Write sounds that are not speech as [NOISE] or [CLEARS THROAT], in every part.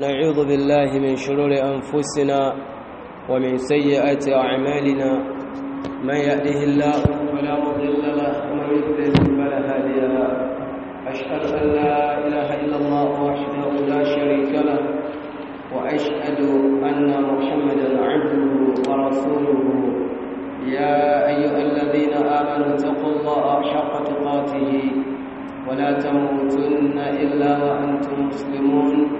نعوذ بالله من شرور أنفسنا ومن سيئات أعمالنا من يأله الله فلا مضل له ومن يضلل فلا هادي له أشهد أن لا إله إلا الله وحده لا شريك له وأشهد أن محمدا عبده ورسوله يا أيها الذين آمنوا اتقوا الله حق تقاته ولا تموتن إلا وأنتم مسلمون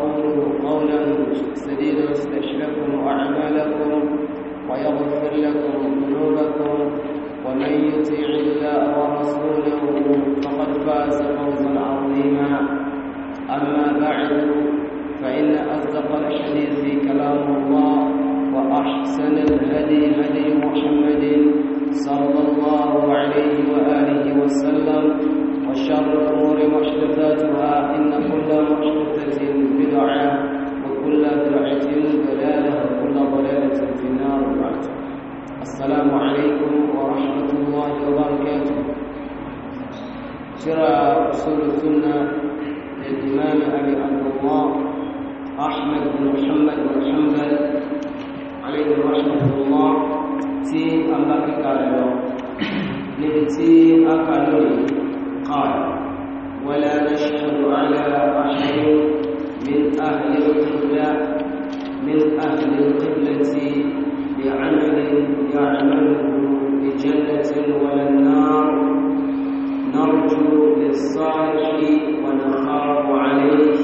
قولوا قولا سديدا يصلح أعمالكم ويغفر لكم ذنوبكم ومن يطع الله ورسوله فقد فاز فوزا عظيما أما بعد فإن أصدق الحديث كلام الله وأحسن الهدي هدي محمد صلى الله عليه وآله وسلم وشر الأمور محدثاتها إن كل محدثة بدعة وكل بدعة ضلالة وكل ضلالة في النار بعد السلام عليكم ورحمة الله وبركاته شرع أصول السنة للإمام أبي عبد الله أحمد بن محمد بن حنبل عليه رحمة الله تي أمبكي كارلو نبتي أكالوني قال ولا نشهد على أحد من أهل القبلة من أهل القبلة بعمل يعمله بجنة ولا النار نرجو للصالح ونخاف عليه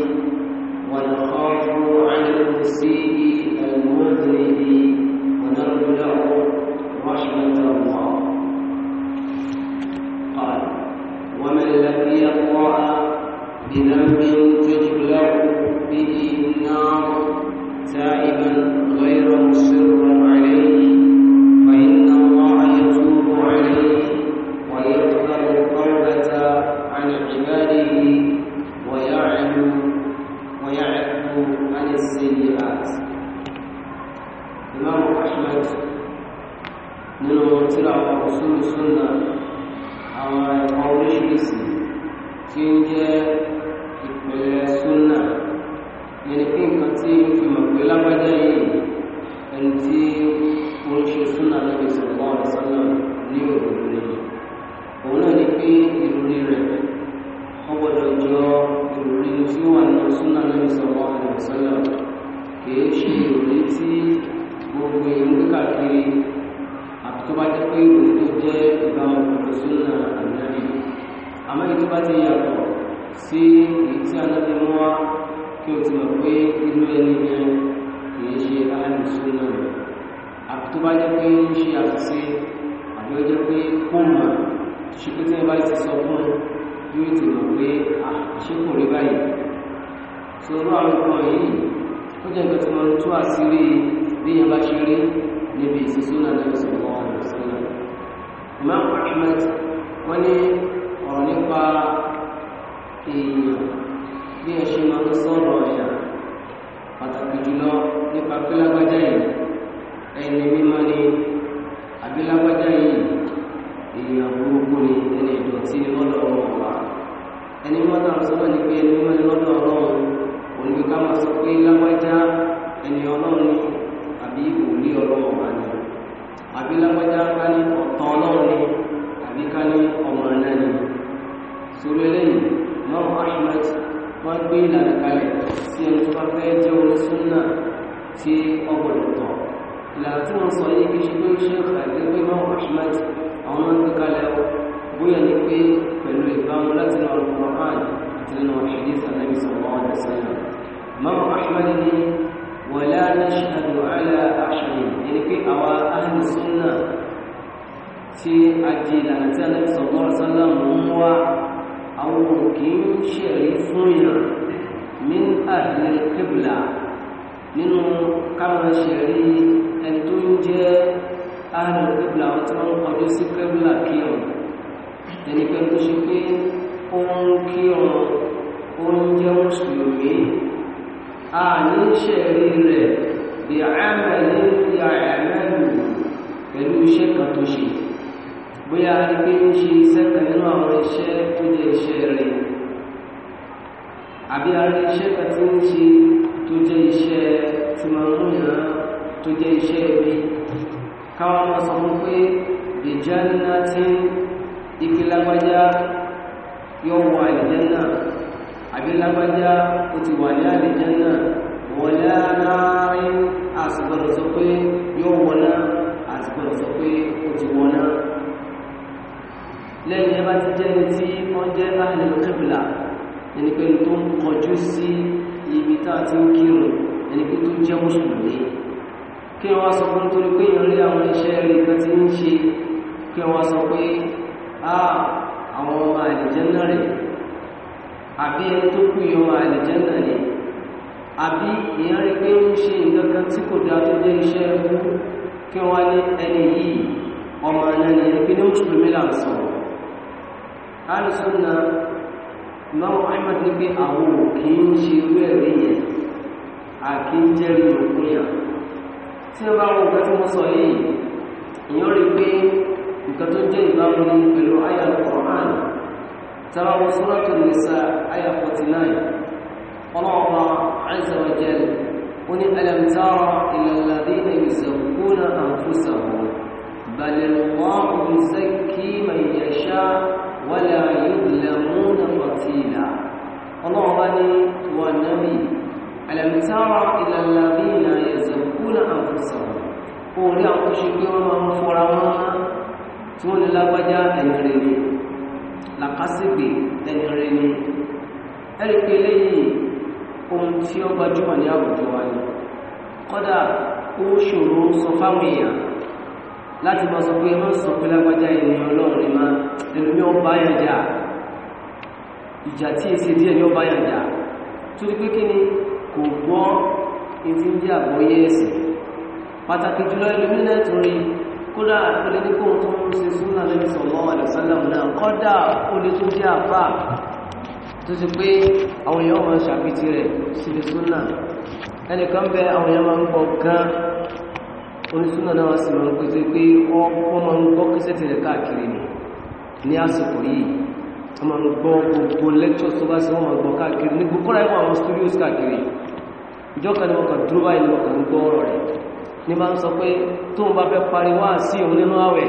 ونخاف على المسيء المذنب pé tí wọ́n bá ti sọ fún un yóò ti mọ̀ pé àṣekù rí báyìí tí olú àwọn nǹkan yìí ó jẹ́ nǹkan tí wọ́n tú àṣírí bí yẹn bá ṣe rí níbi ìsísúnà náà sọ̀rọ̀ ọ̀rọ̀ sílẹ̀ Imam Ahmed wọ́n ní ọ̀rọ̀ nípa èèyàn bí ẹ ṣe máa ń sọ̀rọ̀ ọ̀yà pàtàkì jùlọ nípa pé yìí ẹni mímọ́ ni àbí yìí èèyàn burúkú ni ẹni ìdọ̀tí ni lọ́dọ̀ ọlọ́run wa ẹni wọn náà sọ náà ni pé ẹni wọn ni lọ́dọ̀ ọlọ́run òun ni ká máa sọ pé lágbájá ẹni ọlọ́run ni àbí òní ọlọ́run wa ni àbí lágbájá ká ní ọ̀tọ̀ ọlọ́run ni àbí ká ní ọmọ náà ni sórí eléyìí mọ́mọ́ ahmed wọ́n gbé ìlànà kalẹ̀ sí ẹni tó bá fẹ́ jẹ́ onísúnnà tí ọgbọ̀dọ̀ tọ̀ ìlànà yìí kí ṣe pé ṣe àgbẹ̀gbẹ̀ mọ́mọ́ ahmed àwọn máa ń gbé kalẹ̀ bóyá ní pé pẹ̀lú ìbámu láti lọ Al-Qur'an àti nínú hadith Ànábì sallallahu alaihi wasallam Imam Ahmad ní wala nashhadu ala ahadin ẹni pé àwa ahli sunnah tí a di ìlànà tí Ànábì sallallahu alaihi wasallam ń wá àwọn òkè ṣẹ̀rí fún yàn min ahli al nínú káwọn ṣẹ̀rí ẹni tó ń jẹ́ ààrẹ òkèbìlà àwọn tí wọ́n ń kọjú sí kẹ́bìlà kírun ẹni pé tó ṣe pé ó ń kírun ó ń jẹ́ mùsùlùmí a ní ṣẹ̀rí rẹ̀ bí àmàlẹ́ ti àmàlù pẹ̀lú iṣẹ́ kan tó ṣe bóyá rí pé ń ṣe iṣẹ́ kan nínú àwọn iṣẹ́ tó jẹ́ iṣẹ́ rẹ̀ àbí ara iṣẹ́ kan tí ń ṣe tó jẹ́ iṣẹ́ tí máa ń múyàn tó jẹ́ iṣẹ́ ẹbí káwọn ọmọ sọ fún pé ìjẹ́nà tí ike lágbájá yóò wọ àlìjẹ́nà àbí lágbájá ó ti wà ní àlìjẹ́nà wọlé láàrin àsìgbọ́dọ̀ sọ pé yóò wọná àsìgbọ́dọ̀ sọ pé ó ti wọná lẹ́yìn ẹ bá ti jẹ́ ẹni tí wọ́n jẹ́ láàrin kíbìlà ẹni pé tó ń kọjú sí ibi tá a ti ń kírun ẹni pé tó jẹ́ mùsùlùmí kí wọ́n sọ pé nítorí pé èèyàn rí àwọn iṣẹ́ rẹ̀ kan ti ń ṣe kí wọ́n sọ pé á àwọn ọmọ àlìjẹ́nà rẹ̀ àbí ẹni tó kú ìyọmọ àlìjẹ́nà rẹ̀ àbí èèyàn rí pé ń ṣe nǹkan kan tí kò dáa tó jẹ́ iṣẹ́ ẹkú kí wọ́n ní ẹni yìí ọmọ ẹ̀nà ni ẹni pé ní mùsùlùmí là ń sọ alùsùnà mọ́wọ́ ahmed ní pé àwọn òkè ń ṣe irú ẹ̀rí yẹn àkíńjẹ́rìí òkú tí ó bá wọn nǹkan tí mo sọ yìí èèyàn rí pé nǹkan tó jẹ́ ìbámu ní pẹ̀lú àyà Al-Qur'an tábà wọn Suratul Nisa àyà 49 ọlọ́ọ̀pá Azza wa Jalla ó ní alam tara ila alladhina yuzakkuna anfusahum ألم تر إلى الذين يزكون أنفسهم قولي أنفسكم وفرما تون لبجا أنرني لقصبي أنرني ẹ̀rìkì eléyìí ohun tí ó gbajúmọ̀ ní àwùjọ wa ni kọ́dà ó ṣòro sọ fáwọn èèyàn láti máa sọ pé wọ́n sọ pé lágbájá ènìyàn ọlọ́run ni máa ẹlòmí ọba tí èsì díẹ̀ pé kí ni kò gbọ́ etí ń jẹ́ àgbọ́yé ẹ̀sìn pàtàkì jùlọ ẹlòmínà torí kódà ó lè tó ń ṣe súnà lẹ́yìn sọ̀rọ̀ àlẹ́sọ́làm náà kódà ó tó jẹ́ àfà tó ti pé àwọn èèyàn máa ṣàpìtì rẹ̀ síbi súnà ẹnìkan bẹ àwọn èèyàn máa ń gbọ́ gan onísúnà náà sì máa ń pé wọ́n ń gbọ́ káàkiri ní àsìkò yìí wọ́n ń gbọ́ gbogbo tó bá sí wọ́n ìjọ kan ní wọ́n kan dúró báyìí wọ́n kan gbọ́ ọ̀rọ̀ rẹ̀ ní bá ń sọ pé tó ń bá fẹ́ parí wá sí òun nínú àwẹ̀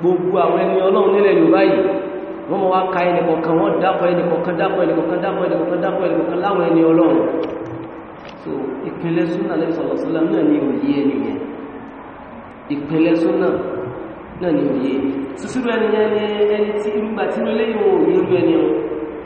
gbogbo àwọn ẹni ọlọ́run nílẹ̀ Yorùbá yìí wọ́n mọ̀ wá ka ẹnìkọ̀kan wọ́n dápọ̀ ẹnìkọ̀kan dápọ̀ ẹnìkọ̀kan dápọ̀ ẹnìkọ̀kan dápọ̀ ẹnìkọ̀kan láwọn ẹni ọlọ́run so ìpínlẹ̀ súnà lẹ́yìn sọ̀rọ̀sọ́lá náà ni òye ẹni yẹn ìpínlẹ̀ súnà náà ni òye sísúrú ẹni yẹn ni ẹni tí irúgbà tí ilé ìwọ̀n òye irú ẹni ọ̀hún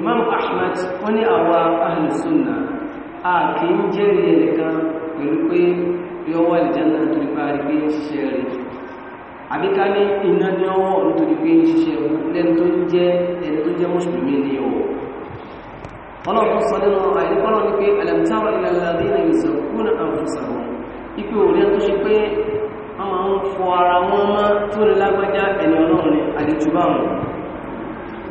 imam ahmad wọ́n ní àwa ahlùsúnà a kì í jẹ́rìí ẹ̀kan pẹ̀lú pé yọwọ́ ìjẹ́nà nítorí bá rí pé ń ṣiṣẹ́ rẹ̀ àbíká ní iná ní ọwọ́ nítorí pé ń ṣiṣẹ́ lẹ́nu tó jẹ́ ẹni tó jẹ́ mùsùlùmí ní ọwọ́ ọlọ́pọ̀ sọ nínú àìríkọ́lọ́ ní pé alẹ́mtàwà ìlàlàdínà ìsọ̀kúnà tó ṣe pé wọ́n máa ń fọ ara wọn mọ́ tó lágbájá ẹni ọlọ́run àdìtúbà wọn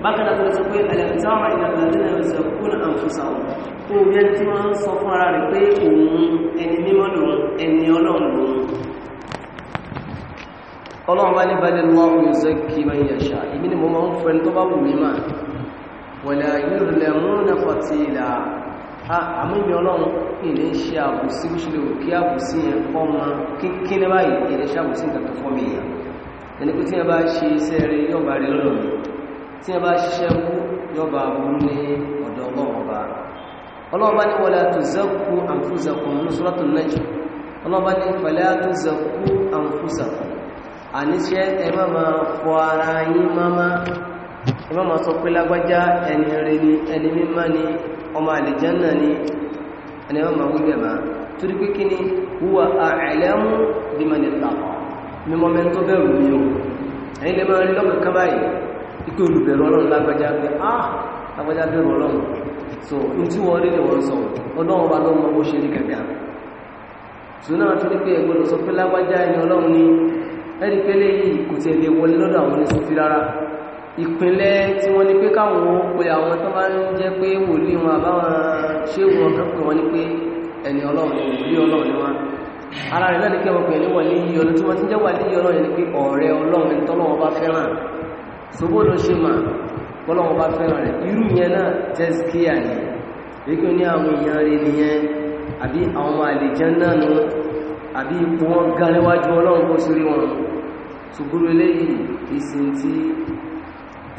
bákan náà sọ pé alẹ́kùtàwà ìdàgbàdínà ìṣẹ̀kúnà àǹfùsàwọ̀ kó bí ẹni tí wọ́n sọ fún ara rẹ̀ pé òun ẹni mímọ́ lòun ẹni ọlọ́run lòun ọlọ́run bá ní balẹ̀ lọ́wọ́ ìzẹ́kì máa yẹ ṣá ìbí ni mo máa ń fẹ́ tó bá wù mí mà wọ̀lẹ̀ ìrìnlẹ̀ múnà fọ̀tìlà àmì ìbí ọlọ́run kì ní ṣe àbùsí bí ṣe kí àbùsí yẹn kọ́ ma kíkí ní báyìí kì ní ṣe àbùsí nǹkan kan fọ́ ẹni pé tí yẹn bá ṣe iṣẹ́ rẹ̀ yóò bá rí lọ́dọ̀ tí ẹ bá ṣiṣẹ́ mú yọba mú ní ọ̀dọ̀ ọlọ́run ọba ọlọ́run bá ní wala tuzakku anfusakum ní suratul najm ọlọ́run bá ní fala tuzakku anfusakum àníṣẹ́ ẹ má máa fọ ara yín máma ẹ má máa sọ pé lágbájá ẹni rẹ ni ẹni mímá ni ọmọ àlìjánà ni ẹni má máa wíbẹ̀ máa torí pé kí ni huwa a'lamu biman ittaqa mímọ́ mẹ́ntọ́ bẹ̀rù mi o ẹ̀yin lè máa rí lọ́kàn báyìí ikú olùbẹ̀rù ọlọ́run lágbàjá pé ah lágbàjá bẹ̀rù ọlọ́run so in tí wọ́n rí ni wọ́n sọ ọlọ́run bá lọ́mọ bó ṣe rí gàgà ṣùgbọ́n àti ní pé ẹgbọ́n sọ pé lágbàjá ẹni ọlọ́run ni ẹni pélé yìí kò tiẹ̀ lè wọlé lọ́dọ̀ àwọn oníṣẹ́ fi rárá ìpínlẹ̀ tí wọ́n ní pé káwọn pe àwọn tó bá ń jẹ́ pé wòlíì wọn àbáwọn ṣùgbọ́n ló ṣe máa kọ́lọ́wọ́ bá fẹ́ràn rẹ̀ irú yẹn náà tẹ́síkíyà ni wíkí ní àwọn èèyàn rẹ̀ nìyẹn àbí àwọn ọmọ àlèjẹ́ náà nù àbí ipò wọn ọlọ́run kó sírí wọn ṣùgbọ́n eléyìí kì í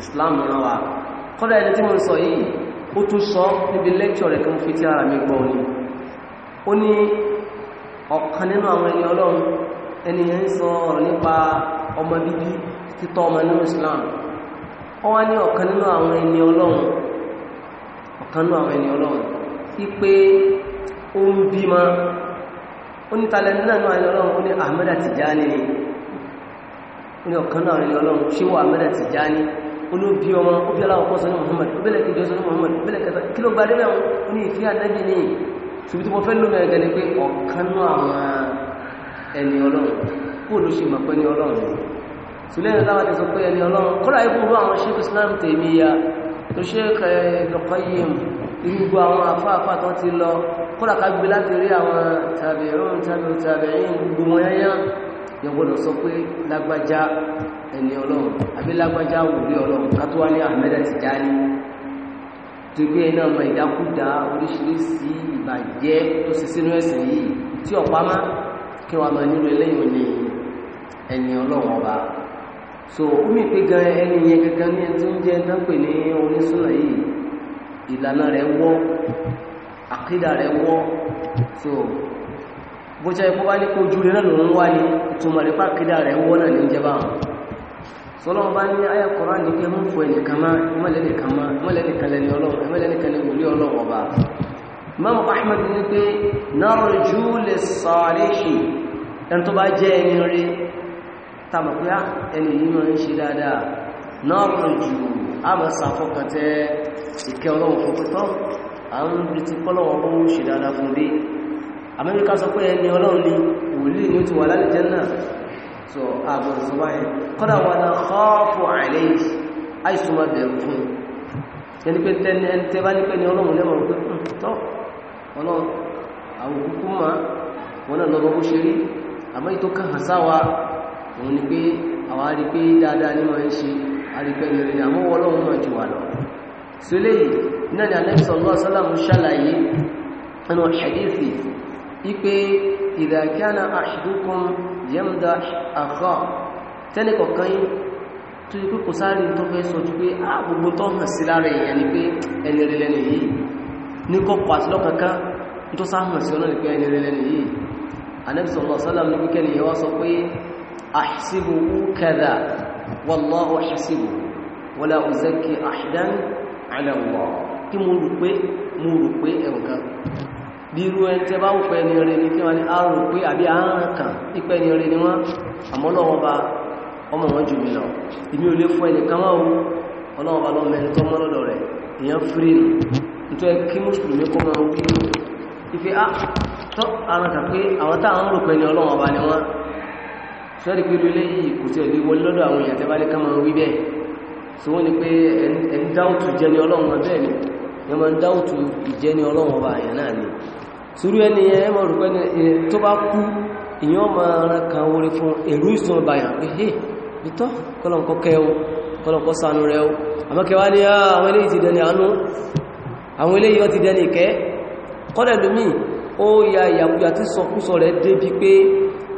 Islam náà wà kọ́dà ẹni tí mo sọ yìí ó tún sọ níbi lẹ́kṣọ̀ rẹ̀ kí mo fi ti ara mi gbọ́ ni ó ní ọ̀kan nínú àwọn ẹni ọlọ́run ẹni yẹn ń sọ ọ̀rọ̀ nípa ọmọ bíbí títọ́ ọmọ nínú Islam wọ́n wá ní ọ̀kan nínú àwọn ẹni ọlọ́run ọ̀kan nínú àwọn ẹni ọlọ́run sí pé ó ń bímọ ó ní talẹ̀ nínú àwọn ẹni ọlọ́run ó ní Ahmada Tijani ni ó ní ọ̀kan nínú àwọn ẹni ọlọ́run ṣé wọ́n Ahmada Tijani olóbi ní Muhammad ló gbadé mẹ́wọ́n ó ní ọlọ́run kó ló ní ọlọ́run sùlẹ́yìn láwọn ti sọ pé ẹni ọlọ́run kọ́lá ibùdó àwọn sheikh islam tèmíyà tó sheikh ẹ̀ẹ́dọ̀kọ́yìm eh, irúgbó àwọn afáàfà tó ti lọ kọ́lá kagbé láti rí àwọn tàbíhún tàbíhún tàbíhún gbogbo wọn yányá yọgbọ́dọ̀ sọ ní ahmeda tijani tó gbé iná ọmọ ìdákúdá oríṣiríṣi ìbàjẹ́ tó sì sínú ẹ̀sìn yìí tí ọ̀pá má kí wọn máa nílò eléyìí ní ẹni ọlọ́run ọba so omi pé gan ẹni yẹn gangan ní ẹni tí ń jẹ́ dánpẹ̀ ní onísúnà yìí ìlànà rẹ̀ àkídà so bó jẹ́ ikú bá ní kó jù lẹ́nà lòun wá ní ìtumọ̀ rẹ̀ pàkídà rẹ̀ wọ́ náà ní jẹba sọlọ́wọ́n bá ní ayé kọ̀rọ̀ ní pé mú fò ẹnìkan má ẹmọ́lẹ́nìkan má ẹmọ́lẹ́nìkan ẹmọ́lẹ́nìkan ọba ahmed ní pé ẹni tó bá tàbí pé ah, ẹni yìí máa ń ṣe dáadáa náà rọ̀ jù á máa ṣàfọkàntẹ́ ìkẹ́ ọlọ́run fún pẹ́tọ́ à ń rí ti pọ́lọ́wọ́ ó ṣe dáadáa fún dé amẹ́ríkà sọ pé ẹni ọlọ́run ni wòlíì ní ó ti wà lálẹ́jẹ́ náà so ààbò ìsọ́bá yẹn kọ́dà wọn náà kọ́ọ̀fù àìlẹ́yìn àìsùnmọ́ bẹ̀rù fún ẹni pé tẹ́ni ẹni tẹ́ bá ní pé ní ọlọ́run lẹ́mọ̀ pé hmm, tọ́ ọlọ́run àwọn òkúkú máa wọn náà lọ́rọ̀ bó ṣe rí àmọ́ ìtọ́kàn hàn sáwàá òun ni pé àwọn arí pé dáadáa ní wọ́n ń ṣe arípẹ́ ní orin àmọ́ ọlọ́run náà jù wà lọ sílé yìí náà ni Ànábì sallallahu alaihi wasallam ṣàlàyé ẹnu hadithi wípé idha kana ahadukum yamdah akhah tẹ́nìkọ̀kan tó yí pé kò sáré tó fẹ́ sọ ju pé á ah, gbogbo أحسبه كذا والله أحسبه ولا أزكي أحدا على الله kí mo rò pé mo rò pé ẹ̀rùnkan bí irú ẹni tẹ a rò pé àbí ni wọ́n àmọ́ lọ́wọ́n bá ọmọ wọn jù mí lọ ìmí ò lè fún ẹni kan máa ọlọ́wọ́n sẹ́rí pé ló léyìí kò sí ẹ̀lú wọlé lọ́dọ̀ àwọn èèyàn tẹ́bá lé kámọ̀ wí bẹ́ẹ̀ so wọ́n ni pé ẹni dáútù jẹni ọlọ́run ọbẹ̀ ni wọ́n ma ń dáútù ìjẹni ọlọ́run ọba àyà náà ni sórí ẹni ẹ mọ̀ rúpẹ́ tó bá kú ìyàn ma ah, ya ìyàkuyà tí sọkúsọ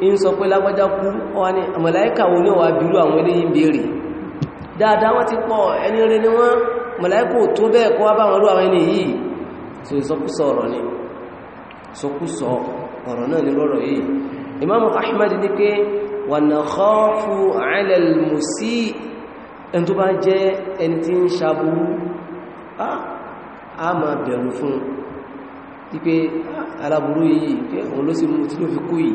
in sọ pé lágbájá kú wọ́n ni màláíkà wo ní wà bírú àwọn eléyìn béèrè dáadáa wọ́n ti pọ̀ ẹni rẹ̀ ni wọ́n màláíkà tó bẹ́ẹ̀ kọ́ wá bá wọn rú àwọn ẹni yìí so ìsọkúsọ ọ̀rọ̀ ni sọkúsọ ọ̀rọ̀ náà ni lọ́rọ̀ yìí Imam Ahmad ní pé wa nakhafu ala al-musii ẹni tó bá jẹ́ ẹni tí ń ṣaburú a máa bẹ̀rù fún wípé aláburú yìí pé òun ló sì mú tí ló fi kú yìí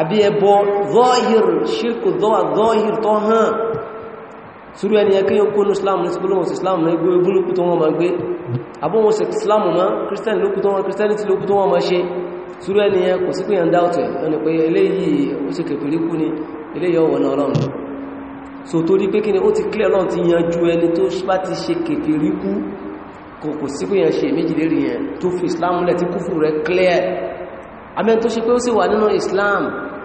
àbí ẹbọ zọ́hìr ṣírkù zọ́hìr tó hàn ṣúrú ẹni ẹkẹ́ yóò kó ní islam ní ṣígbólóhùn sí islam ní gbé ibúlùkú tó wọ́n ma gbé abúnwọ̀n sí islam ma christian lókú tó wọ́n christian tí lókú tó wọ́n ma ṣe ṣúrú ẹni ẹ kò sí pé yàn dáútẹ̀ ẹni pé eléyìí ó sì kèfèrí kú ni eléyìí ọwọ́ náà ọlọ́run so torí pé kí ni ó ti clear náà ti yanjú ẹni tó bá ti ṣe kèfèrí kú kò kò sí pé yàn ṣe méjì lérí yẹn tó fi islam clear amẹ́ tó ṣe pé ó sì wà nínú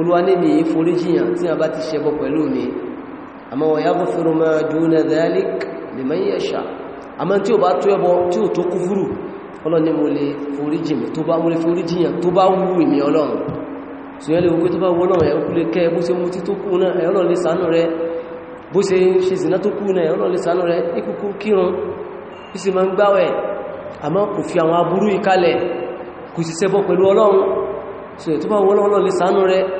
olúwa ní mi foríjìyàn tí a bá ti ṣẹbọ pẹ̀lú mi àmọ́ wọ̀ yá gọ́fẹ́rọ máa dúnà dhalik liman yasha àmọ́ tí ó bá tó ẹbọ tí ó tó kúfúrù ọlọ́ni mo lè foríjìyàn tó bá wúlé foríjìyàn tó bá wú ìmì ọlọ́run tí wọ́n lè wọ́n tó bá wọ́n náà ẹ̀ kú lè kẹ́ bó ṣe mú tí tó kú náà ẹ̀rọ lè sánú bá wọ́n lè sánú rẹ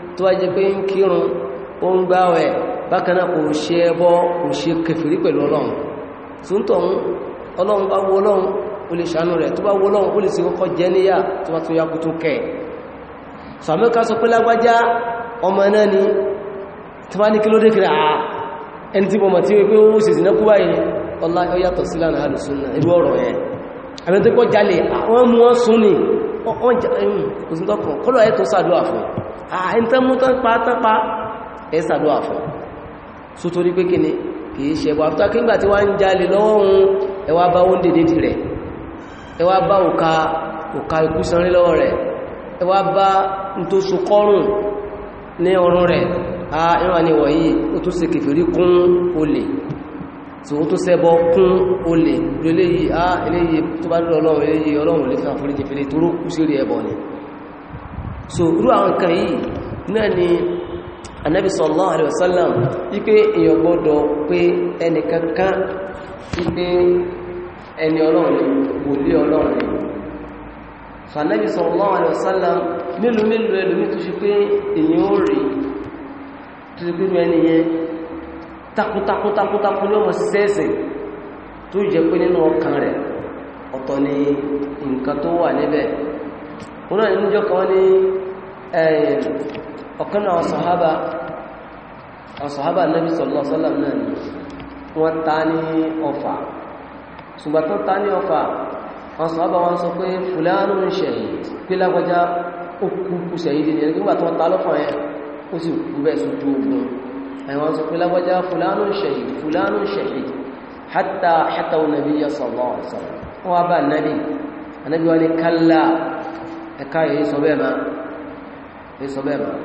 tó wá jẹ́ pé ń kírun ó ń gbáwẹ̀ bákanáà kò ṣe ẹbọ kò ṣe kèfèrí pẹ̀lú ọlọ́run tó ń tọ̀hún ọlọ́run bá wo ọlọ́run ó lè ṣàánú rẹ̀ tó bá wo ọlọ́run ó lè sì kọ́kọ́ jẹ́ níyà tó bá tún yakú tó kẹ̀ sàmẹ́ká sọ pé lágbájá ọmọ náà ni tó bá ní kí ló dé kiri àá ẹni tí mọ̀mọ̀ tí wípé ó sì sínákú báyìí ọlá ó yàtọ̀ sí lánàá alùsùnà irú ọ̀rọ̀ ẹ̀ àmì tó kọ́ jalè wọ́n mú wọ́n sún ní ọ̀hún kò àìntánmú ah, tán pa tán pa ẹ ṣàdúrà fún so torí pé kíni kìí ṣe ẹ̀bọ̀ àfútà kígbà tí wá ń jalè lọ́wọ́ ohun ẹwà bá ó ń dèdè dì rẹ̀ ẹwà bá òka òka ikú sanrí lọ́wọ́ rẹ̀ ẹwà bá ń tó so kọ́rùn ní ọrùn rẹ̀ a ẹwà ni wọ̀nyí ó tó ṣe kèfèrí kún olè tí ó tó ṣẹbọ kún olè lóléyìí a eléyìí tó bá lọ́lọ́run eléyìí ọlọ́run lè fẹ́ àforíjì fẹ́lẹ̀ tó rókú sí rí ẹbọ ni so ru àwọn kan yìí náà ni Ànábì sallallahu alaihi wasallam wípé èèyàn pe pé ẹnìkankan ipe eni ọlọ́run ni wòlé ọlọ́run ni fànábì sallallahu alaihi wasallam mélòó mélòó ẹlòmí tó ṣe pé èèyàn ó rí tó ṣe pé ẹni tó pé nínú ni nǹkan tó wà níbẹ̀ náà kan Eh, ọ̀kan àwọn sọ̀hábà àwọn sọ̀hábà Nabi sallallahu alaihi wasallam náà ni wọ́n ta ní ọfà ṣùgbọ́n tó ta ní ọfà àwọn sọ̀hábà wọ́n sọ pé fùlánù ń ṣe pé lágbàjá ó kú ṣẹ̀yìdì ní ẹgbẹ́ tó ta lọ́fà yẹn ó sì kú bẹ́ẹ̀ sójú ogun àwọn sọ pé lágbàjá fùlánù yìí sọ bẹ́ẹ̀ máa ẹ sọ bẹ́ẹ̀ mọ́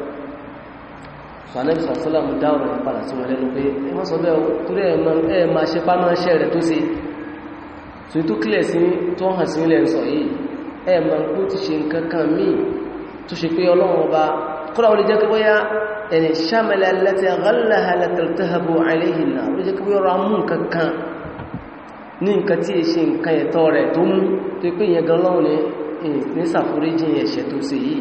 sọ anẹ́bí sọ sọ́lá mú dá ọ̀rọ̀ ìpadà sí wọn lẹ́nu pé ẹ má sọ bẹ́ẹ̀ torí ẹ máa ṣe pá máa ṣẹ́ rẹ̀ tó ṣe tó tó kílẹ̀ sí tó hàn sí ilẹ̀ ń yìí ẹ máa kó ti ṣe nǹkan kan míì tó ṣe pé ọlọ́run ọba kọ́lá ó lè jẹ́ pé ẹ̀ṣẹ̀ tó ṣe yìí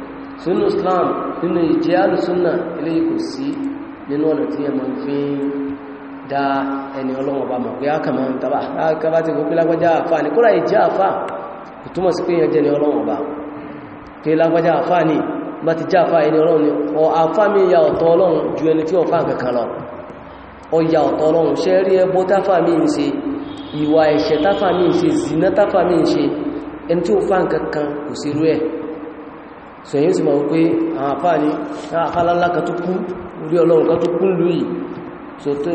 sínú Islam nínú ìjẹ́ alùsúnà ilé ìkò sí nínú ọ̀nà tí ẹmọ fi ń dá ẹni ọlọ́wọ̀ bá mọ̀ pé a kà máa ń tàbá kábá ti gbogbo lágbàjá àfà ní kúrò ìjẹ́ àfà ìtumọ̀ sí pé yẹn jẹ́ ni ọlọ́wọ̀ bá pé lágbàjá àfà ní bá ti jẹ́ àfà ẹni ọlọ́run ọ àfà ya ọ̀tọ̀ ọlọ́run tí ọ̀fà kankan lọ ọ ya ọ̀tọ̀ ọlọ́run ṣe rí ẹbọ táfà mi ń ṣe ìwà ẹ̀ṣẹ̀ táfà mi ń kò sí rú ẹ̀ so yíò sì mọ̀ pé àwọn àfáà ní àfáàlálá kan tó kú orí ọlọ́run kan tó kú ń lú yìí so tó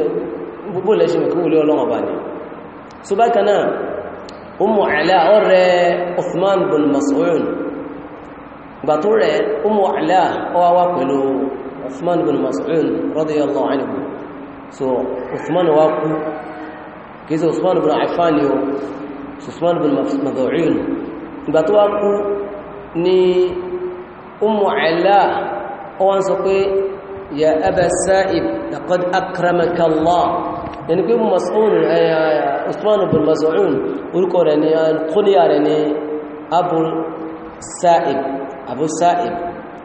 gbogbo lẹ́ṣin mọ̀ orí ọlọ́run ní so bin Mas'ud gbà tó rẹ̀ Ummu Ala ọwá wá pẹ̀lú Uthman bin Mas'ud radiyallahu so ni bin Ummu Ala wọ́n sọ pé ya Aba Sa'ib laqad akramaka Allah yẹni pé Mas'ud eh, Usman ibn Mas'ud orúkọ rẹ̀ ni kúníyà rẹ̀ ni Abu Sa'ib Abu Sa'ib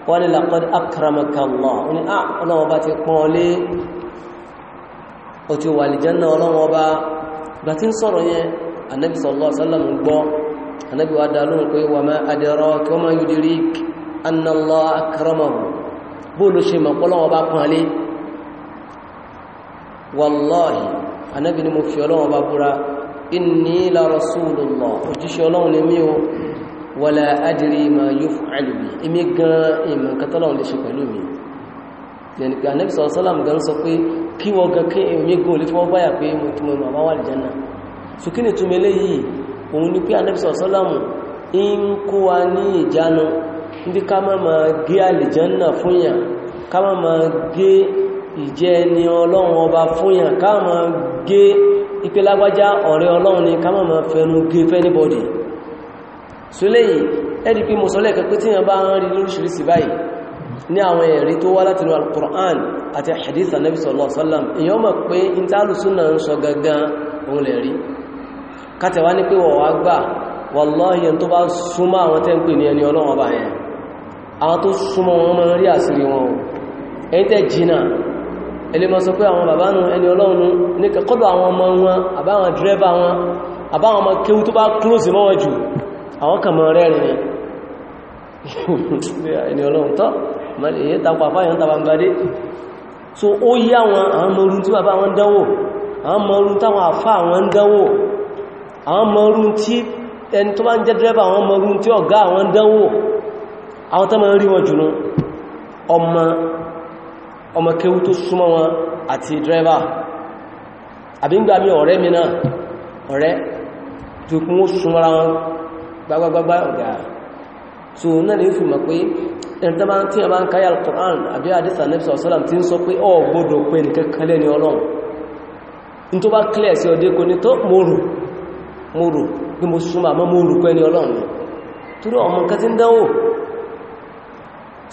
wọ́n ni laqad akramaka Allah wọ́n ni ah ọlọ́wọ́ bá ti pọ́n lé ọtí wà lè jẹ́ náà ọlọ́wọ́ bá gbà tí ń sọ̀rọ̀ yẹn Ànábì sallallahu anna Allah akramahu bó ló ṣe mọ̀pọ̀lọ́wọ́ bá pọ̀nlé wallahi anábi ni mo fi ọlọ́wọ́ bá búra inni la rasulullah òjíṣẹ́ ọlọ́run lè mí o wala adri ma yuf'alu bi imi gan ìmọ̀ katọ́lọ́run lè ṣe pẹ̀lú mi yẹni pé anábi sọ sọ́lám gan sọ pé kí wọ́n gan kí èmi gò lè kó wa ní ìjánu níbi ká má ma gé àlìjánà fúnyàn ká má ma gé ìjẹ́ ẹni ọlọ́run ọba fúnyàn ká má gé ipé ọ̀rẹ́ ọlọ́run ni ká má ma fẹnu gé fẹ́nibọ̀dì so léyìí ẹ́dì pé mọ̀sọ́lẹ̀ kẹ́kẹ́ tí yàn bá ń rí lóríṣìíríṣìí báyìí ní àwọn ẹ̀rí tó wá látinú al-Qur'an àti hadith anabi sallallahu alaihi wasallam èyàn mọ̀ pé intálùsúnà sọ gangan kátẹ̀wá ní pé wọ̀wá gbà wallahi tó bá súnmọ́ àwọn tẹ́ ń pè ní ẹni ọlọ́run ọba yẹn àwọn tó súnmọ́ wọn máa rí àṣírí wọn ẹni tẹ́ jìnà ẹlẹ́ ma sọ pé àwọn bàbá nù ẹni ọlọ́run ní kọ́dọ̀ àwọn ọmọ wọn àbáwọn dírẹ́bà wọn àbáwọn ọmọ kéwú tó bá close mọ́ wọn jù àwọn kan mọ́ rẹ̀ rìn ẹni ọlọ́run tọ́ èyí tapọ̀ àfáyàn tabambadé so ó yá wọn àwọn mọrún tí bàbá wọn dánwò àwọn mọrún táwọn àfá wọn dánwò àwọn mọrún tí ẹni tó bá ń jẹ́ dírẹ́bà àwọn mọrún tí ọ̀gá àwọn dánwò àwọn tó máa rí wọn jùnú ọmọ ọmọ kéwú tó súnmọ́ wọn àti dírẹ́bà àbí ń ọ̀rẹ́ mi náà ọ̀rẹ́ tó kún ó súnmọ́ra wọn gbagbagbagba ọ̀gá so náà ni fi mọ̀ pé ẹ̀rẹ́ta tí a bá ń káyà al sọ kwe ọ gbọ́dọ̀ pé nìkan kalẹ̀ ní mo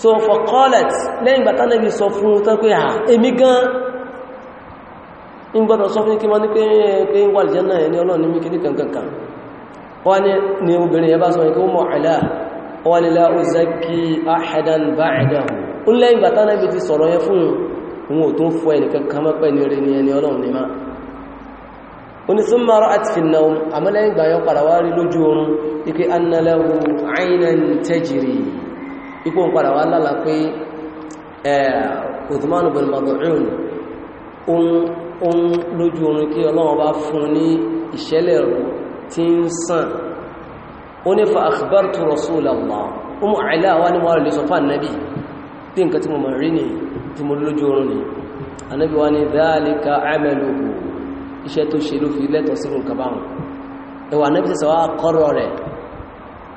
so fọ̀kọ́lẹ̀t lẹ́yìn gbàtà lẹ́bí sọ fún tán pé à ah, èmi gan ń gbọ́dọ̀ sọ fún kí wọ́n ní pé pé ń wà lè jẹ́nà ẹni ọlọ́run ní mìkìrí kankankan wọ́n ni obìnrin yẹba sọ ikú mọ̀ àlá wọ́n ni láòzákí ahadan ba'da ó lẹ́yìn gbàtà lẹ́bí ti sọ̀rọ̀ yẹn fún wọn ò tó ń fọ ipò ń padà wá lálàá pé Uthman bin Mad'un ohun lójú orin kí ọlọ́wọ́ bá fún ní ìṣẹ́lẹ̀ tí ń sàn ó ní fa akhbartu Rasulallah Umu Ala wá ní wàrẹ̀ lè sọ fún ànábì tí nǹkan tí mo mọ̀ rí ní tí mo lójú ẹwà ànábì sẹ́sẹ̀ wá kọ́rọ̀ rẹ̀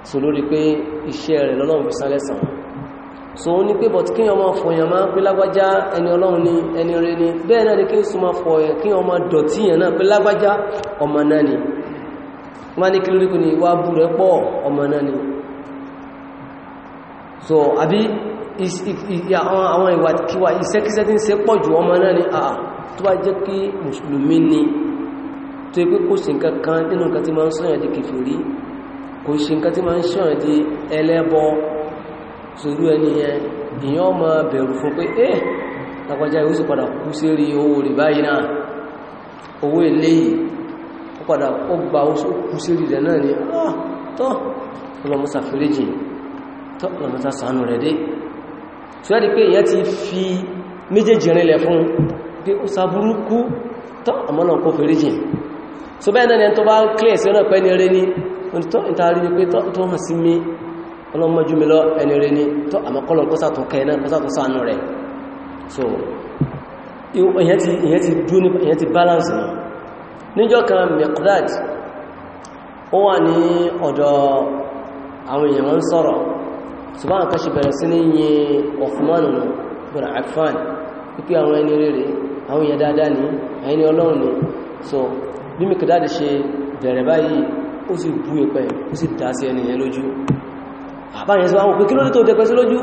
so lórí pé iṣẹ́ rẹ̀ lọ́lọ́run fi sálẹ́sàn so ó ní pé but kí ọmọ fọyàn máa pé lágbájá ẹni ọlọ́run ní ẹni rẹ̀ ní bẹ́ẹ̀ náà ni kí súnmọ́ fọyàn kí ọmọ dọ̀tí yẹn náà pé lágbájá ọmọ náà ni wọ́n ní kí lóríkù ní ìwà bú ni so àbí àwọn ìwà kíwà iṣẹ́kíṣẹ́ tí ń ṣe pọ̀ jù ọmọ náà ni àà tó bá jẹ́ kí mùsùlùmí ni tó ẹgbẹ́ kò sí nǹkan kò ṣe nǹkan tí ma ń ṣàn di ẹlẹ́bọ sórú ẹni yẹn ìyàn ọmọ bẹ̀rù fún pé eh lágbàjá ìwé sì padà kú sí rí owó rí báyìí náà owó eléyìí ó padà ó gba oṣù kú sí rí rẹ̀ náà ni ah, tọ́ ọlọ́mọsà fẹ́rẹ́jì tọ́ ọlọ́mọsà sànù rẹ̀ dé tó yàdí pé ìyẹn ti fi méjèèjì rinlẹ̀ fún pé ó sàbúrúkú tọ́ ọmọ náà kó fẹ́rẹ́jì so bẹ́ẹ̀ ni ẹni tó bá ń clear ni eré ni ìtàrí wípé tó hàn sí mi ọlọ́mọ́jú mi lọ ẹni rẹ ni tó àmọ́kọ́lọ̀ kọ́sàtún kẹ́ẹ̀nà kọ́sàtún sánú rẹ̀ so ìyẹn ti dú ìyẹn ti balance náà níjọ́ kan Miqdad ó wà ní ọ̀dọ̀ àwọn èèyàn wọ́n sọ̀rọ̀ ṣùgbọ́n àkàṣì bẹ̀rẹ̀ sí ní yin Uthman bin Affan wípé àwọn ẹni ni so bí Miqdad ṣe bẹ̀rẹ̀ báyìí ó sì bú ẹ̀pẹ̀ ó sì dá sí ẹniyàn lójú àbáyẹ̀ sí àwọn òkèkí lórí tó tẹ́pẹ́ sí lójú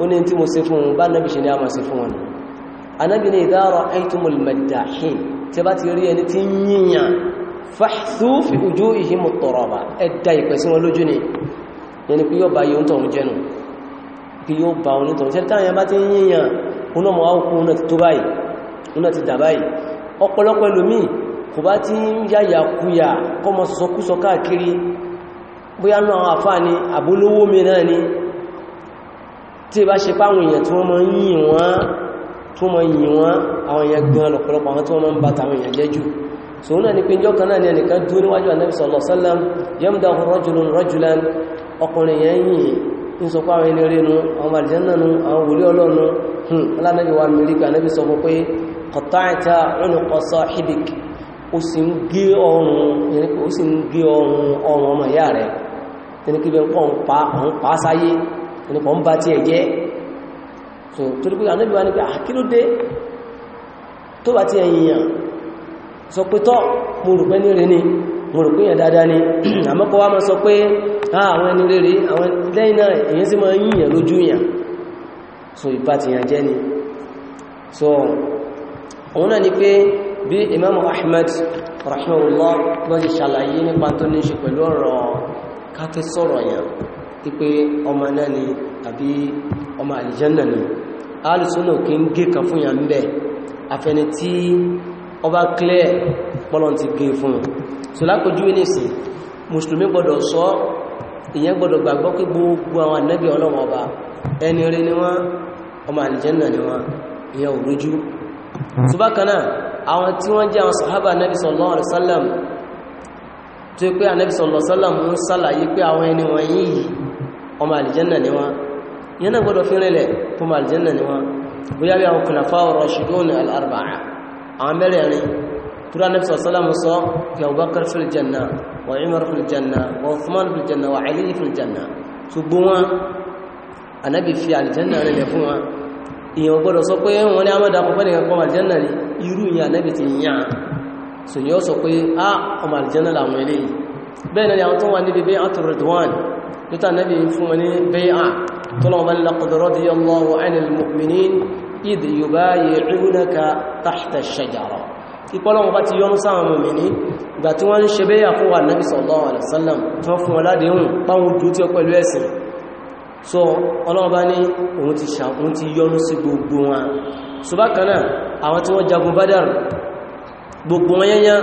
ó ní tí mo ṣe fún un bá nábi ṣe ní a máa ṣe fún wọn anábi ní ìdárọ̀ aitumul madahin tí bá ti rí ẹni tí yíyàn fàṣú fi ojú ìhìmù ni yẹni pé yóò bá kò bá ti ń yáyà kúyà kọ́ mọ́ sọkúsọ káàkiri bóyá náà àwọn àfáà ni àbólówó mi náà ni tí bá ṣe páwọn èèyàn tí wọ́n mọ́ yìn wọ́n tó mọ́ yìn wọ́n àwọn èèyàn gan lọ́pọ̀lọpọ̀ àwọn tí wọ́n mọ́ ń bá tàwọn èèyàn jẹ́ jù so náà ni pé jọ́ kan náà ni ẹnìkan dúró ó sì ń gé ọrùn ó sì ń gé ọrùn ọrùn ọmọ ìyá rẹ̀ tí ní kí bẹ́ pọ̀ ń pa T'o sáyé tí ní ń bá tí ẹ jẹ́ so tó rí pé ni mo rò pé ni [CLEARS THROAT] àmọ́kọ́ wá máa sọ pé àwọn ẹni rere àwọn lẹ́yìn náà èyí sí máa yìnyàn lójú yàn so ìbá ti yàn jẹ́ ni so òun náà bí imam ahmed rahimahullah bọ́ ti ṣàlàyé nípa tó ní ṣe pẹ̀lú ọ̀rọ̀ káti sọ̀rọ̀ yẹn tí pé ọmọ náà ni àbí ọmọ àlìjẹ́nà ni alìsọ́nà kí ń gé kan fún yà ń afẹni tí ọba ti gé fún so lápòjúwé gbọ́dọ̀ sọ ìyẹn gbọ́dọ̀ gbàgbọ́ gbogbo àwọn ọlọ́wọ́ ọba ẹni rí ni wọ́n ọmọ àwọn tí wọ́n jẹ́ àwọn sàhábà Nabi sallallahu alaihi wasallam tó pé Ànábì sallallahu alaihi wasallam ń sàlàyé pé àwọn ẹni wọ̀nyí yìí ọmọ àlìjẹ́nà ni wọ́n yẹn náà gbọ́dọ̀ fínrinlẹ̀ fún ọmọ àlìjẹ́nà ni wọ́n bóyá bí صلى الله عليه وسلم أبو بكر في الجنة وعمر في الجنة وعثمان في الجنة وعلي في الجنة سبوا النبي في الجنة أنا يفوا èèyàn gbọ́dọ̀ sọ pé wọ́n ní amọ́dá pọ̀pẹ́ nìkan kọ́ màlìjánà ní irú ìyàn anẹ́bì ti yàn so yíó sọ pé a ọmọ àlìjánà làwọn eléyìí bẹ́ẹ̀ náà ni àwọn tó wà níbi bẹ́ẹ̀ àtúrẹ̀dùwàn lótà anẹ́bì fún wọn ní bẹ́ẹ̀ à tọ́lọ́wọ́n bá lọ́kọ̀dọ̀ radiyallahu anil mu'minin idh yubayi'unaka tahta ash-shajara ìpọ́lọ́wọ́n bá ti so ọlọ́ọ̀bá ní òun ti ṣà òun ti yọ́nú sí gbogbo wọn so bákaná àwọn tí wọ́n jagun Badar gbogbo wọn yẹnyẹ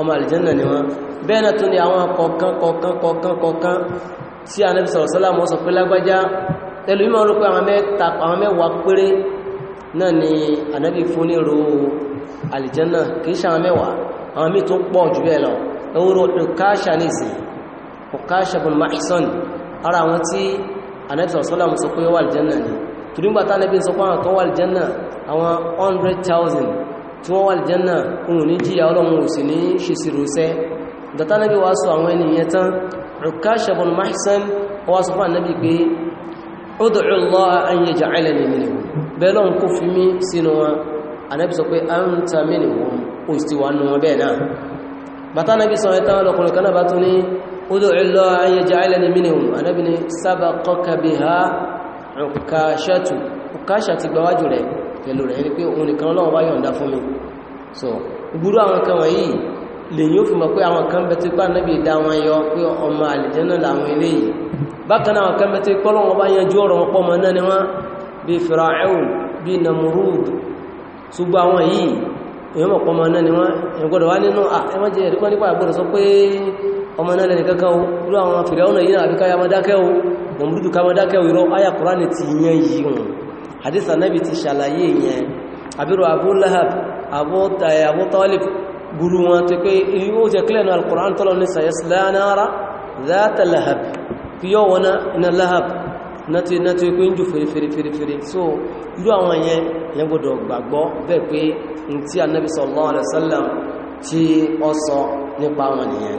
ọmọ aljanna ni wọn bẹ́ẹ̀ náà tún ni àwọn kọ̀ọ̀kan kọ̀ọ̀kan kọ̀ọ̀kan kọ̀ọ̀kan tí Ànábì sallallahu alaihi wasallam sọ pé lágbájá tẹ́lú mímọ̀ rú pé àwọn mẹ́wàá péré náà ni Ànábì fún ní ro ara àwọn tí anẹ́bí sọ̀sọ́làmù sọ pé wà aljanna ni tùdúgbà tánẹ́bí sọ pé àwọn kan wà aljanna àwọn 100,000 tí wọ́n wà aljanna ohun ní jíyà ọlọ́run ò sì ní ṣìṣìròsẹ́ dátánẹ́bí wá sọ àwọn ènìyàn tán Ukasha ibn Mahsan wá sọ fún anẹ́bí pé ud'u Allah an yaj'alani minhum bẹ́ẹ̀ lọ́n ẹ̀tàn lọ́kùnrin kanáà bá ní ادع الله ان يجعلني منهم انا ابن سبقك بها عكاشة عكاشة gbawaju rẹ̀ pẹ̀lú rẹ̀ pé ohun nìkan Ọlọ́run bá yọ̀ǹda fún mi so gburu àwọn kan wọ̀nyí lẹ́yìn ó fi mọ̀ pé àwọn kan bẹ̀ tí pa nabi dá wọn yọ pé ọmọ aljanna la wọn eléyìí bákan àwọn kan bẹ̀ tí pa Ọlọ́run bá yanjú ọ̀rọ̀ wọn po mo na ni wọn bí fir'aun bí namrud sugba àwọn yìí èyàn mọ̀ pọ̀ mọ̀ náà ni wọ́n ẹ̀gbọ́dọ̀ wá nínú àwọn jẹ́ ẹ̀rí kan nípa àgbọ́dọ̀ sọ pé ọmọ náà lẹ́nì kankan irú àwọn fìrẹ́ọ́nà yìí náà àbíká ya máa dákẹ́ o mọ̀múrúdù ká máa dákẹ́ o irọ́ ayà kùránì ti yẹn yìí hùn àdísà náà ti ṣàlàyé yẹn àbírò Abu Lahab Abu eh, Talib gúrú wọn tó pé yóò jẹ́ kílẹ̀ náà alkùrán tọ́lọ lahab fi yọ wọn lahab na ti na ti pé ń jù fèrèfèrèfèrè so irú àwọn yẹn yẹn gbọdọ̀ gbàgbọ́ bẹ́ẹ̀ sallallahu alaihi wasallam ti ọ nípa wọn nìyẹn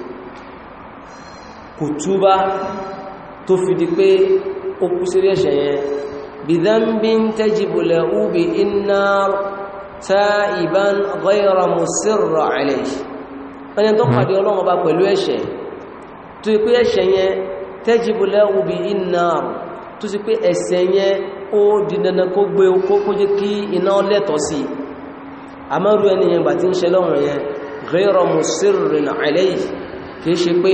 kò túbá tó fi di pé ó kú sí ẹ̀ṣẹ̀ yẹn bí dánbí ń tẹ́jìbòlẹ̀ ubi iná ta'iban ghayra musirra alayhi ẹni tó hmm. pàdé ọlọ́run ọba pẹ̀lú ẹ̀ṣẹ̀ tó yí pé ẹ̀ṣẹ̀ yẹn tẹ́jìbòlẹ̀ ubi iná tó sì pé ẹ̀ṣẹ̀ yẹn ó àmọ́rú ẹni yẹn tí ń ṣe lọ́rùn yẹn ghayra musirra alayhi kìí ṣe pé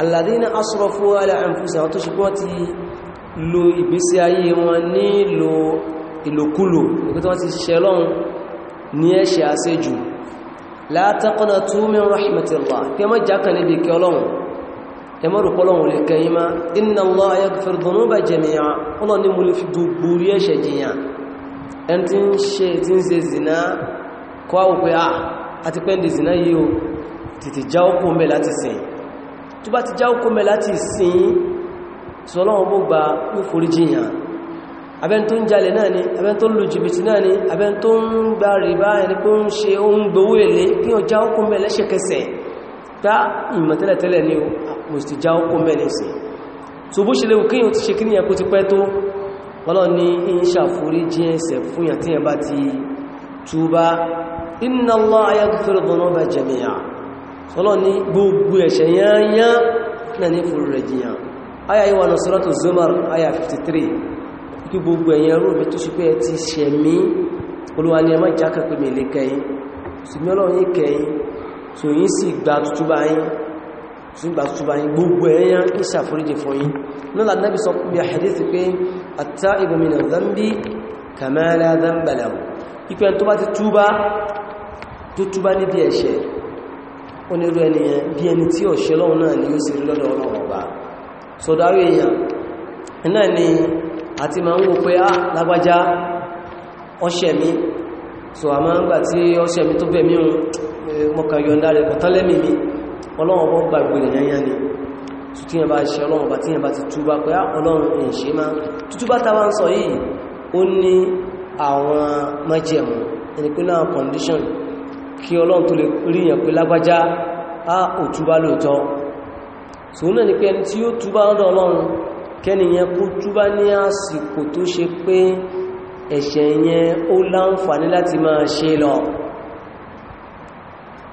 alladhina asrafu ala anfusihim àwọn tó ṣe wọ́n ti lo ìgbésí ayé wọn ní lo ìlòkulò nígbé tí wọ́n ti ṣe lọ́n ní ẹ̀ṣẹ̀ àṣejù la taqnatu min rahmatillah kí ẹ má jákàn níbi kí ọlọ́run ẹ ah, já ó kó mẹ́ sìn tó bá ti já òkú mẹ́ láti sin sọ́lọ́wọ́n bó gba ní foríjìyàn abẹ́n tó ń jalè náà ni abẹ́n tó ń lu jìbìtì náà ni abẹ́n tó ń gba rìbá ẹni pé ń ṣe ohun gbowó èlé kí o já òkú mẹ́ lẹ́ṣẹ̀kẹsẹ̀ tá ìmọ̀tẹ́lẹ̀tẹ́lẹ̀ ni mo ti já òkú mẹ́ lẹ́sìn so bó ṣe léwu bá ti túbá ọlọ́run ní gbogbo ẹ̀ṣẹ̀ yányán náà ní fòrò rẹ̀ jìyàn aya yíwa ní suratu Zumar aya 53 ikú gbogbo ẹ̀yẹn rú mi tó ṣe pé ẹ ti ṣẹ̀mí olúwa ní ẹmọ́ ìjákà pé mi lè kẹyìn ṣùgbọ́n ọlọ́run yìí kẹyìn tó yìí sì gba tutuba yìí tún gba tutuba yìí gbogbo ẹ̀yẹn kí ṣàforíjì fún yìí nílà nábi sọ pé hadith pé túbá tó túbá ẹ̀ṣẹ̀ onírú ẹniyàn bí ẹni tí ò lọ́wọ́ náà ni ó sì rí lọ́dọ̀ ọlọ́run ọba sọ̀dárí èèyàn iná ni àti ma ń wò pé á ah, lágbájá ọṣẹ mi so a máa ń gbà tí ọṣẹ mi tó bẹ̀mí mọ́kàn yọ̀ndà rẹ̀ kọ̀tán lẹ́mì mi ọlọ́run ọba gbà gbèrè yányá ni tíyàn bá ṣe ọlọ́run ọba tíyàn bá ti túbá pé á ah, ọlọ́run èyí ṣe máa condition kí ọlọ́run tó lè ríyàn pé lágbájá á òtúbá lóòtọ́ so náà ni pé ẹni tí ó túbá lọ́dọ̀ ọlọ́run kẹ́niyàn kó túbá ní àsìkò tó ṣe pé ẹ̀ṣẹ̀ yẹn ó láǹfàní láti máa ṣe lọ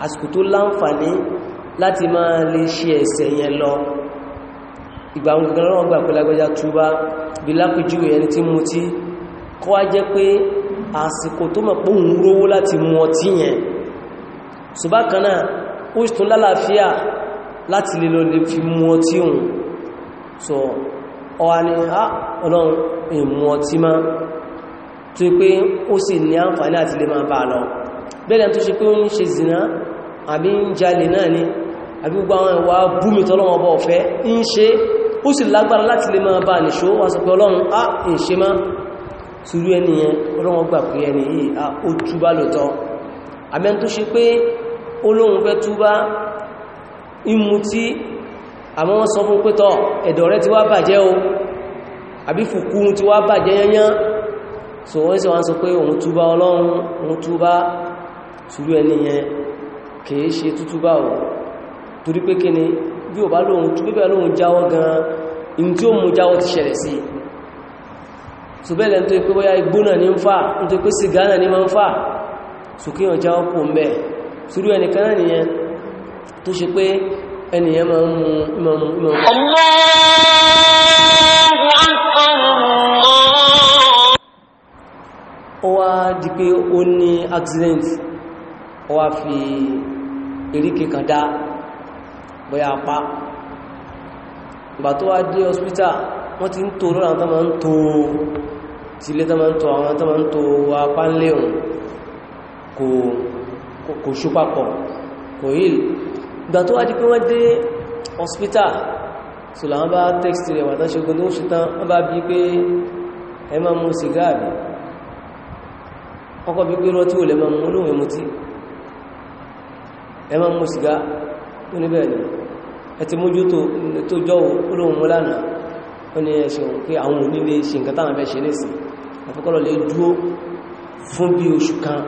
àsìkò tó láǹfàní láti máa lè ṣe ẹ̀ṣẹ̀ yẹn lọ ìgbà àwọn gbogbo ọlọ́run gbà pé lágbájá túbá bí lápẹjúwe ẹni tí mutí jẹ́ pé àsìkò tó mọ̀ pé rówó láti mu ọtí yẹn ṣùgbákaná ó tún lálàáfíà láti lè lọ lè fi mú ọtí òun so ọwá ni a ah, ọlọ́run ìmú ọtí má tó pé ó sì ní àǹfààní àti lè máa bá lọ bẹ́ẹ̀lẹ̀ tó ṣe pé ó ń ṣe zìná àbí ń jalè náà ni àbí gbogbo àwọn ìwà búmi tọ́lọ́wọ́ bọ́ ọ̀fẹ́ ń ṣe ó ah, ah, ṣe pé olóhun fẹ́ túbá ìmú tí àmọ́ wọ́n sọ fún pétọ̀ ẹ̀dọ̀ rẹ ti wá bàjẹ́ o àbí fùkú ti wá bàjẹ́ yányán so wọ́n sì wọ́n sọ pé òun túbá ọlọ́run òun túbá ṣúrú ẹni yẹn kìí ṣe tútúbá o torí pé kí ni bí ò bá lóhun túbá lóhun jáwọ́ gan in tí ó mú jáwọ́ ti ṣẹlẹ̀ sí so bẹ́ẹ̀ lẹ́n tó ipé bóyá igbó náà sùúrù ẹnìkan náà nìyẹn tó ṣe pé ẹnìyàn máa ń mú ìmọ̀mù ìmọ̀mù ó wá di pé ó accident ó wá fi eríkè kan dá bóyá ìgbà tó wá dé hospital wọ́n ti ń tó lọ́nà tó máa ń tó tí ilé ń tó àwọn tó ń tó apá ń léhùn kò kò ṣó papọ̀ kò heal ìgbà tó wá pé wọ́n dé hospital so làwọn bá text rẹ̀ wà tán ṣe ogun tó ṣe tán wọ́n bá bí pé ẹ máa mú sìgá àbí ọkọ̀ bí pé rọ́ tí ò lẹ máa mú olóhùn ẹmu tí ẹ máa mú sìgá ó ní bẹ́ẹ̀ ni ẹ ti mójú tó jọ́ olóhùn lánàá ó ní ẹ̀ṣẹ̀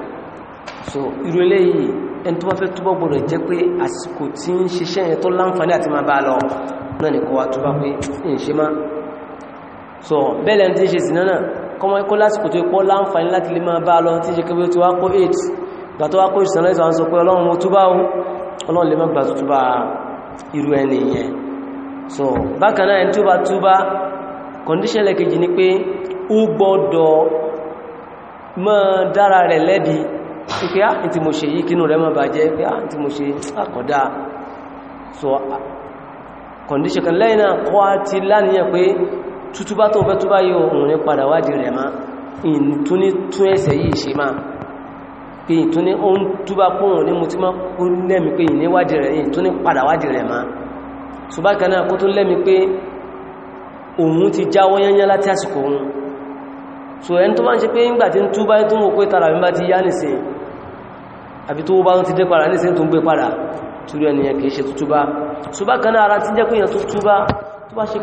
so irú eléyìí ẹni tó bá fẹ́ túbọ̀ gbọ́dọ̀ jẹ́ pé àsìkò tí ń ṣiṣẹ́ yẹn tó láǹfààní àti máa bá lọ náà nìkan wá túbá pé ń ṣe má so bẹ́ẹ̀ lẹ́ni tí ń ṣe sí náà kọmọ ikú lásìkò tó pọ́ láǹfààní láti lè máa bá lọ tí ń ṣe kébé tó wá kó 8 gbà tó wá kó ìsànlẹ̀ ìsànlẹ̀ sọ pé ọlọ́run mo túbá o ọlọ́run lè má gbà tó túbá irú ẹni yẹn so bákan náà ẹni tó bá túbá condition lẹ́kejì ni pé ó gbọ́dọ̀ máa dára rẹ̀ lẹ́bi ìfẹ́ á ah, tí mo ṣe yìí kínú rẹ̀ mọ́ bàjẹ́ ìfẹ́ á tí mo ṣe àkọ̀dá ah, so condition kan lẹ́yìn náà kọ́ ti láníyàn pé tútúbá tó fẹ́ túbá yóò òun ní padà wádìí rẹ̀ má ìtúní tún ẹsẹ̀ yìí ṣe má pé ìtúní ó ń túbá pòhùn ní mo ti má kó lẹ́mi pé ìní so ẹni tó bá ń ṣe pé ńgbà tí ń túbá tó ń pé tara mímá ti yá nìsìn àbí tó bá ń ti dé padà nìsìn tó ń gbé padà túrú ẹniyàn kìí ṣe tútúbá so bá kaná ara tí jẹ́ pé èèyàn túbá so ọwá ń sọ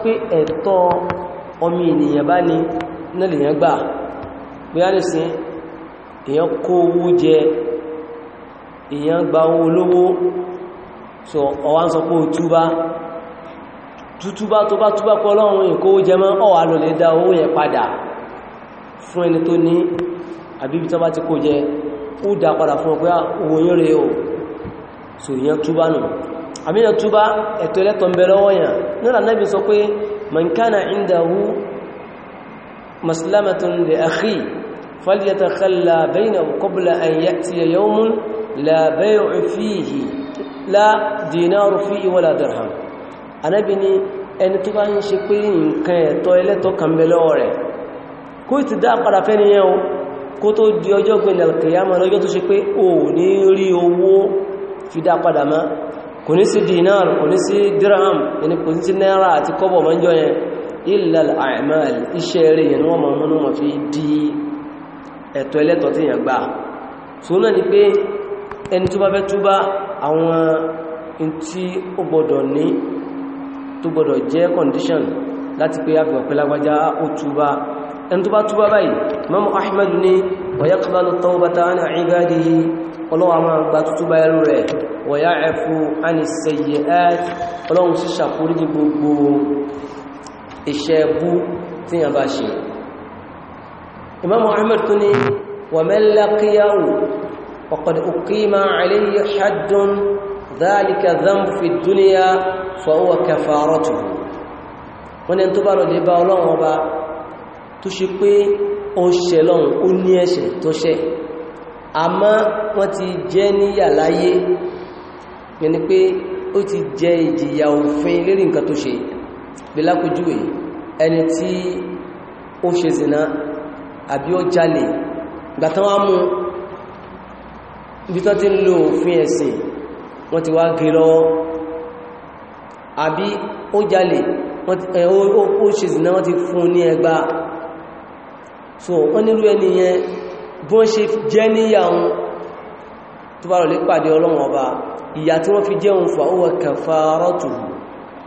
pé túbá tútúbá tó bá túbá pọ́ lọ́run ìkówó jẹ ọ̀wà lọ lè dá owó yẹn padà fún ẹni tó ní àbíbi tó bá ti kó jẹ ó dá padà fún ọgbẹ́ ah, owó yín rẹ̀ o so ìyẹn túbá nù àmìyàn túbá ẹ̀tọ́ ẹlẹ́tọ̀ ń bẹ lọ́wọ́ yàn nílà náà bí sọ pé mankana indahu maslamatun li akhi falyatakhalla baynahu qabla an ya'tiya yawmun la ẹni tó bá ń ṣe pé nǹkan ẹ̀tọ́ ẹlẹ́tọ̀ kan bẹ lọ́wọ́ rẹ̀ kó ti dá padà fẹ́ nìyẹn o kó tó di ọjọ́ gbẹ̀nà kìyàmà lọ́jọ́ tó ṣe pé o ní rí owó fi dá padà má kò ní sí dinar kò ní sí dirham yẹni kò sí náírà àti kọ́bọ̀ mọ́ jọ yẹn illal a'mal iṣẹ́ rẹ̀ yẹn wọ́n mọ̀ fi di ẹ̀tọ́ ẹlẹ́tọ̀ tí yẹn gbà so ni pé ẹni tó bá fẹ́ túbá àwọn tí ó gbọ́dọ̀ ní tó gbọ́dọ̀ jẹ́ condition láti pé àfihàn pẹ́lágbájá ó túbá ẹni tó bá túbá báyìí mọ́mù ahmadu ní wàyẹ́kọ̀bálù tọ́wọ́bátá ní àìbádihi ọlọ́wà máa gba tútúbá ẹrù rẹ̀ wàyá ẹ̀fù ànìsẹ̀yẹ̀ ẹ́ẹ̀tì ọlọ́run sí sàkóríjì gbogbo iṣẹ́ bú tí yàn bá ṣe imamu ahmad tó ní wà mẹ́lẹ́kíyàwó ọ̀kọ̀dẹ̀ òkíma wọ́n ni tó bá lọ lè bá ọlọ́run ọba tó ṣe pé ó ṣẹ lọ́run ó ní ẹ̀ṣẹ̀ tó ṣẹ àmọ́ wọ́n ti jẹ níyà láyé yẹni pé ó ti jẹ ìjìyà òfin lérí nǹkan tó ṣe bí lápójúwé ẹni tí ó ṣe zìnà àbí ó jalè gbàtán wá mú ibi tán ti ń lo òfin ẹ̀sìn wọ́n ti wá gẹ e lọ́wọ́ àbí ó jalè wọ́n ti fún ní ẹgbàá so wọ́n nílú ẹni yẹn bọ́n ṣe jẹ́ níyàun tó bá rọ̀ lè pàdé ọlọ́run ọba ìyà tí wọ́n fi jẹun fà ó wà kàfàárọ̀tù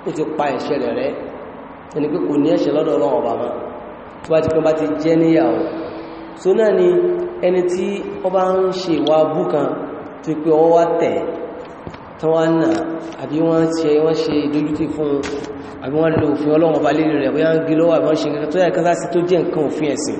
ó ti pa ẹ̀ṣẹ̀ rẹ̀ rẹ̀ ẹni pé kò ní ẹ̀ṣẹ̀ lọ́dọ̀ ọlọ́run ọba mọ́ tó bá ti pẹ́ bá ti jẹ́ níyàun so náà ni ẹni tí ó bá ń ṣe ìwà abú kan tó pé ọwọ́ wá tẹ̀ tán wá nà àbí wọ́n ṣe wọ́n ṣe ìdójútì fún àbí wọ́n lo òfin ọlọ́run ọba lérí rẹ̀ bóyá ń gí lọ́wọ́ àbí ṣe nǹkan tó yẹ kan láti tó jẹ́ nǹkan òfin ẹ̀sìn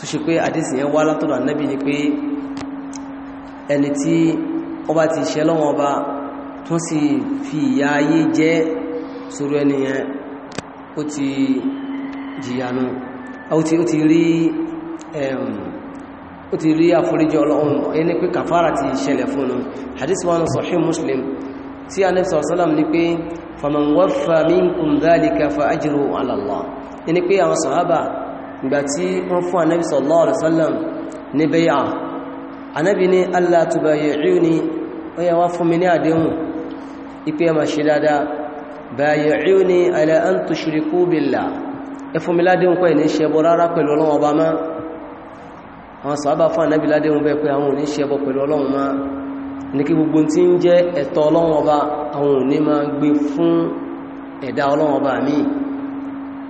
tó ṣe pé àdísì yẹn wá látọ̀dọ̀ ànábì ni pé ẹni tí ó bá ti ṣe lọ́wọ́n ọba tó sì fi ìyà ayé jẹ́ sórí ẹni yẹn ó ti jìyànú ó ti rí ó ọlọ́run ẹni pé kàfàrà ti ṣẹlẹ̀ fún un hadith wọn sahih muslim tí ànábì sallam ni pé faman waffa minkum dhalika fa ajruhu ala Allah ẹni pé àwọn sàhábà ìgbàtí wọ́n fún anábi sallallahu alaihi wasallam ní bẹ́yà anábi ní Allah tubayi'uni ó yẹ wá fún mi ní àdéhùn ipé ẹmà ṣe dáadáa bayi'uni ala an tushriku billah ẹ fún mi ládéhùn pẹ́ ní ṣẹbọ rárá pẹ̀lú ọlọ́run ọba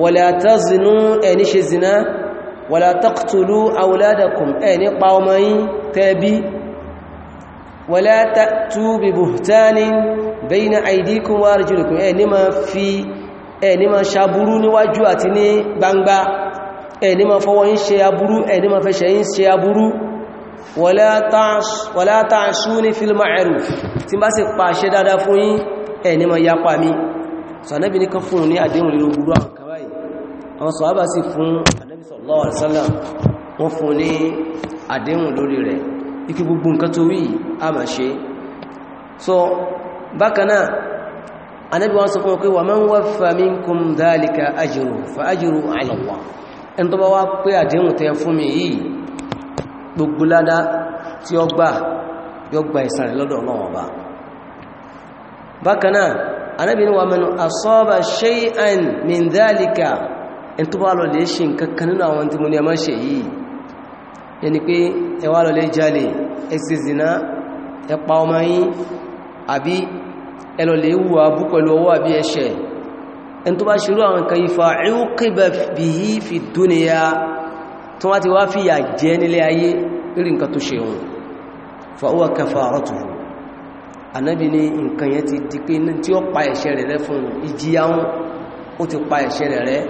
wala tazinu ẹni ṣe zina wala taqtulu awladakum ẹni pa ọmọ yín tẹ́bí wala ta'tu bi buhtanin bayna aydikum wa arjulikum ẹni ma fi ẹni ma ṣaburú níwájú àti ní gbangba ẹni ma fọwọ́ yín ṣe aburú ẹni ma fẹsẹ̀ yín ṣe aburú wala ta'suni fil ma'ruf tí bá mi sọ̀nẹ́bì ní kan fún ní àdéhùn lílo gbúrú àwọn àwọn sọ̀hábà sì fún Ànábì sallallahu alaihi wasallam wọ́n fún ní àdéhùn lórí rẹ̀ ikú gbogbo nǹkan tó wí a máa ṣe so bákanáà Ànábì wọ́n sọ fún pé wa man waffa minkum dhalika ajruhu fa ajruhu ẹni tó bá lọ lè ṣe nǹkan kan nínú àwọn tí mo ní ẹmọ́ ṣe yìí ẹni pé ẹ wá lọ lè jalè ẹ ṣe zina ẹ pa ọmọ yín àbí ẹ lọ lè wù abú pẹ̀lú ọwọ́ àbí ẹ̀ṣẹ̀ ẹni tó bá ṣerú àwọn nǹkan yìí fa uqiba bihi fi dunya tó wá ti wá fìyà ṣe òun fa ànábì ní nǹkan yẹn ti di pé tí ó pa ẹ̀ṣẹ̀ rẹ̀ fún ìjìyà ó ti pa ẹ̀ṣẹ̀ rẹ̀ rẹ́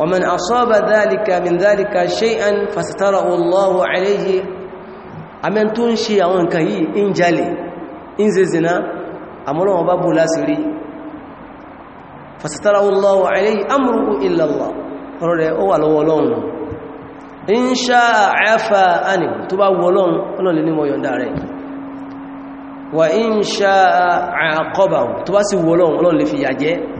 ومن أصاب ذلك من ذلك شيئا فستره الله عليه أمن تنشي أو أنكي إن جالي إن أمره باب لا سري فستره الله عليه أمره إلا الله فرده أول ولون إن شاء عفا أنه تبا ولون ولون لنمو ينداري وإن شاء عقبه تبا سي ولون ولون لفي يجي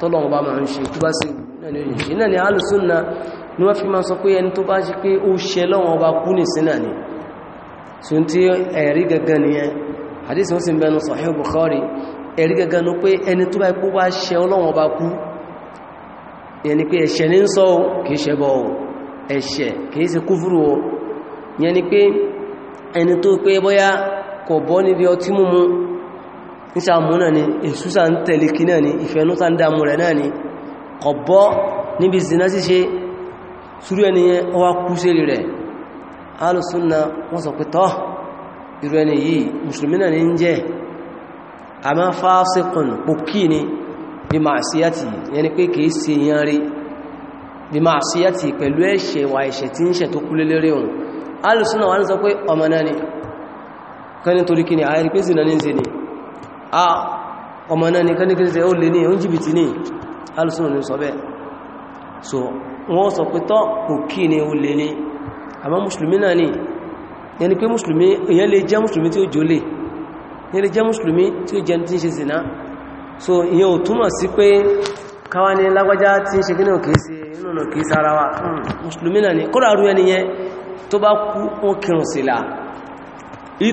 tọ́lọ́wọ́ bá máa ń ṣe tó bá sì náà ni alùsùnà ni wọ́n fi máa sọ pé ẹni tó bá ṣe pé ó ṣe lọ́wọ́ bá kú ní sínà ni so n tí ẹ̀rí gangan nìyẹn hadith wọ́n sì ń bẹnu Bukhari ẹ̀rí gangan ní pé ẹni tó níta mú náà ni èsúsà ń tẹ̀lé kí náà ni ìfẹ̀núta ń dámú rẹ̀ náà ni kọ̀bọ́ níbi zina ṣíṣe ṣúrú ẹni yẹn ọwá kú sí rí rẹ̀ alùsùnà wọ́n sọ pé tọ́ ẹni yìí mùsùlùmí náà ni ń jẹ́ àmá fásikùn pòkí ni bí máa sí yàtì yẹn ni pé kìí sí yán rí bí máa sí yàtì pẹ̀lú ẹ̀ṣẹ̀ wà ẹ̀ṣẹ̀ tí ń ṣẹ̀ tó kúlé lérí òun alùsùnà wọ́n sọ torí kí ni àyẹ̀rí pé zina ní ń ni a ah, ọmọ náà nìkan nìkan ṣe ó lè ní oún jìbìtì ní alùsùn ní sọ bẹ́ẹ̀ so wọ́n sọ pé tọ́ kò kí ni ó lè ní àmá mùsùlùmí náà ni yẹni pé mùsùlùmí èyàn lè jẹ́ mùsùlùmí tí ó jólè yẹn lè jẹ́ mùsùlùmí tí ó jẹ́ tí ń ṣe zìná so ìyẹn ò túmọ̀ sí pé káwá ní lágbájá tí ń ṣe kí náà kìí ṣe sára wa hmm, mùsùlùmí náà ni kódà rú ẹni yẹn tó bá kú ó kírun sílá èyí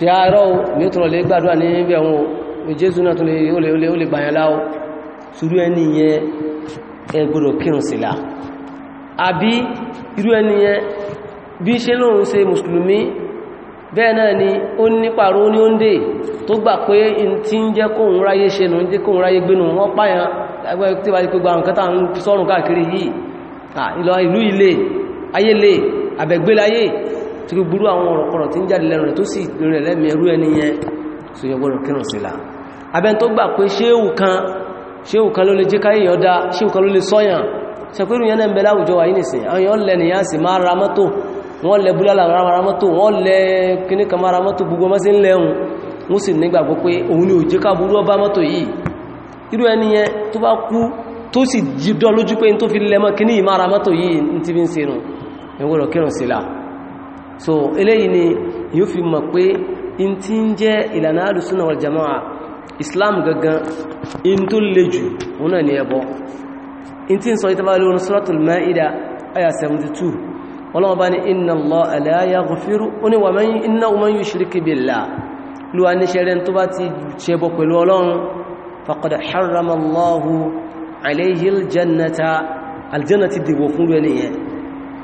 tí a rọ́ o ní ó tọrọ lè gbàdúrà ní ibi ẹ̀wọ̀n o jésù náà tún lè ó lè gbàyàn láwọ́ ṣùrú ẹni yẹn ẹ gbọ́dọ̀ kírùn sílá àbí irú ẹni yẹn bí ṣe lóun ṣe mùsùlùmí bẹ́ẹ̀ náà ni ó ní pàró ní oúnjẹ tó gbà pé in ti ń jẹ́ kóhun ráyé ṣe nù jẹ́ kóhun ráyé gbénu wọ́n páyàn ẹgbẹ́ tí wáyé tí ó burú àwọn ọ̀rọ̀kọ̀rọ̀ tí ń jáde lẹ́nu rẹ̀ tó sì rẹ̀ lẹ́mí ẹrú ẹni yẹn tó yẹ gbọ́dọ̀ kírùn sí la abẹ́ tó gbà pé ṣéhù kan ṣéhù kan ló lè jẹ́ káyé yọ dá ṣéhù kan ló lè sọ́yàn ṣẹ̀kúrú yẹn náà ń bẹ láwùjọ wà yìí nìsìn àwọn èèyàn lẹ nìyàn sì máa ra mọ́tò wọ́n lẹ búlálà ra mọ́tò wọ́n lẹ kíní kan máa ra mọ́tò gbogbo ọmọ sí ń lẹ́hùn wọ́n sì nígbàgbọ́ pé òun irú ẹni tó bá kú tó sì dán lójú pé n tó fi lẹ́mọ́ kíní ìmára mọ́tò yìí ní ti fi ń serun ẹgbọ́dọ̀ kírùn sí so eléyìí ni yóò fi mọ̀ pé in ti ń jẹ́ ìlànà alùsùnà wal jama'a islam gangan in tó le jù wọn ni ẹbọ in ti ń sọ ìtàbà lórí suratul ma'ida aya 72 ọlọ́wọ́ bá ní inna allaha la yaghfiru ó ní wà mẹ́yìn inna man yushrik billah lúwa ní ṣẹrẹ tó bá ti ṣẹbọ pẹ̀lú ọlọ́run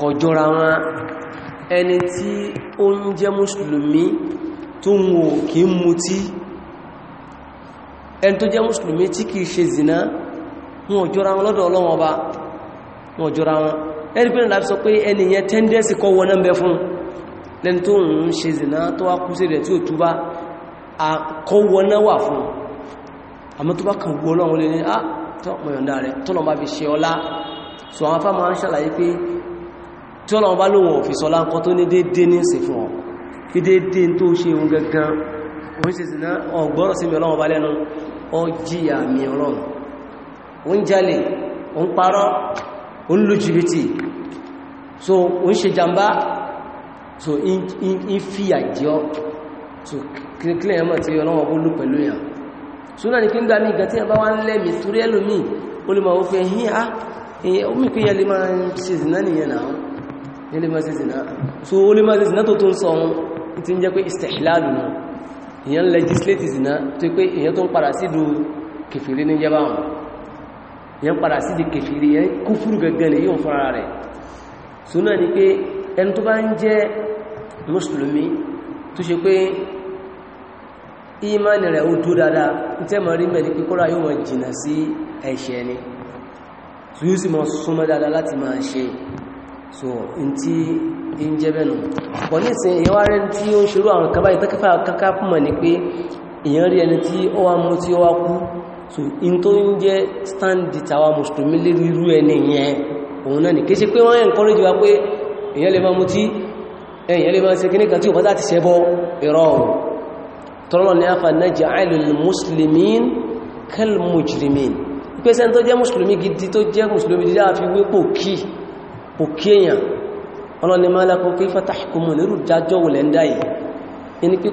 kọjọ́ra wọn ẹni tí ó ń jẹ́ mùsùlùmí tó ń wò kí ń mutí ẹni tó jẹ́ mùsùlùmí tí kìí ṣe zina wọn ò jọra wọn lọ́dọ̀ Ọlọ́run Ọba wọn ò jọra wọn ẹni pé nàlá sọ pé ẹni yẹn tẹ́ndẹ́sì kọ́ wọn náà fún lẹ́ni tó ń ṣe zina tó wá kú sí rẹ̀ tí ò túbá àkọ́ wọn náà fún àmọ́ tó bá kàn wọ́ Ọlọ́run lé ní ah tọ́ mọ̀yọ̀ndà rẹ̀ tọ́lọ́ bá fi ṣe ọlá tí ọlọ́run bá lóhun òfin sọ láńkọ́ tó ní dédé ní sí fún ọ kí dédé tó ṣe ohun gangan oríṣìṣì náà ọgbọ́rọ̀ sí mi ọlọ́run bá lẹ́nu ọ mi ọlọ́run o so o ń so in fìyà so kílẹ̀ ẹmọ̀ tí ọlọ́run bó lù pẹ̀lú yàn súnà ní kí ń gbà mí ìgbà tí ẹ bá wá ń lẹ́mì torí ẹlòmíì ó lè máa ó fẹ́ hí á omi pé yẹ lè máa ṣe ìsìnà nìyẹn náà nílé mọ́sísì náà so ó lé mọ́sísì náà tó tó ń sọ ohun tí ń jẹ́ pé istihlalu náà èyàn legislate zina tó pé èyàn tó ń padà sí ìdú kèfèrí ní jẹba wọn èyàn padà sí ìdí kèfèrí èyàn kú fúrú gẹ́gẹ́ ni pé ẹni tó bá ń jẹ́ mùsùlùmí tó ṣe pé ìmánì rẹ̀ ó dúró dáadáa ni tó yóò sì mọ̀ súnmọ́ dáadáa láti máa so in tí in jẹ́ bẹ́nu pọ̀ ní ìsìn èyàn wá rẹ̀ tí ó ń ṣerú àwọn kan báyìí tẹ́kẹ́fà káká mọ̀ ní pé èyàn rí ẹni tí ó wá mú tí ó wá kú so in tó ń jẹ́ stand tàwa mùsùlùmí lè rírú ẹni yẹn òun náà ní kéṣe pé wọ́n encourage wa pé èyàn lè máa mú tí èyàn lè máa ṣe kíníkan tí ò bá ti ṣẹbọ ìrọ̀ tọ́lọ́ ní afa naj'alul muslimin kal mujrimin ìpẹ́sẹ́ tó jẹ́ muslimi gidi tó jẹ́ mùsùlùmí dídá fi wépò kíì kò kí èyàn ọlọ́ni mọ́lákọ́ kí fátàkùnmọ̀ lérò dájọ́ wò lẹ́ndà yìí yẹni pé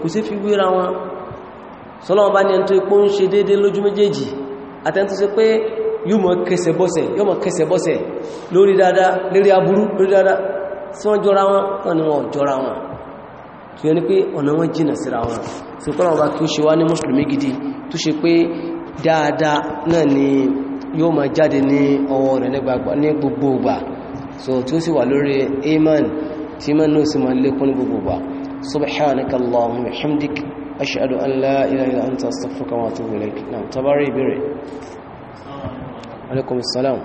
kò sí fi wíra wọn sọ́lọ́wọ́ bá ní ẹntọ́ ipò ń ṣe déédé lójú méjèèjì àtẹ́ntọ́ sí pé yóò mọ̀ kẹsẹ̀ bọ́sẹ̀ yóò mọ̀ kẹsẹ̀ bọ́sẹ̀ lórí dáadáa lérí aburú lórí dáadáa tí wọ́n náà ni gidi tó ṣe pé dáadáa náà ni yóò máa jáde ní ọwọ́ rẹ̀ ní gbogbo ìgbà so to sì wà lórí iman tí iman no sì máa le kun gugu ba subhanaka allahumma hamdik ashhadu an la ilaha illa anta astaghfiruka wa atubu ilaik náà tabari ìbéèrè alaikum assalam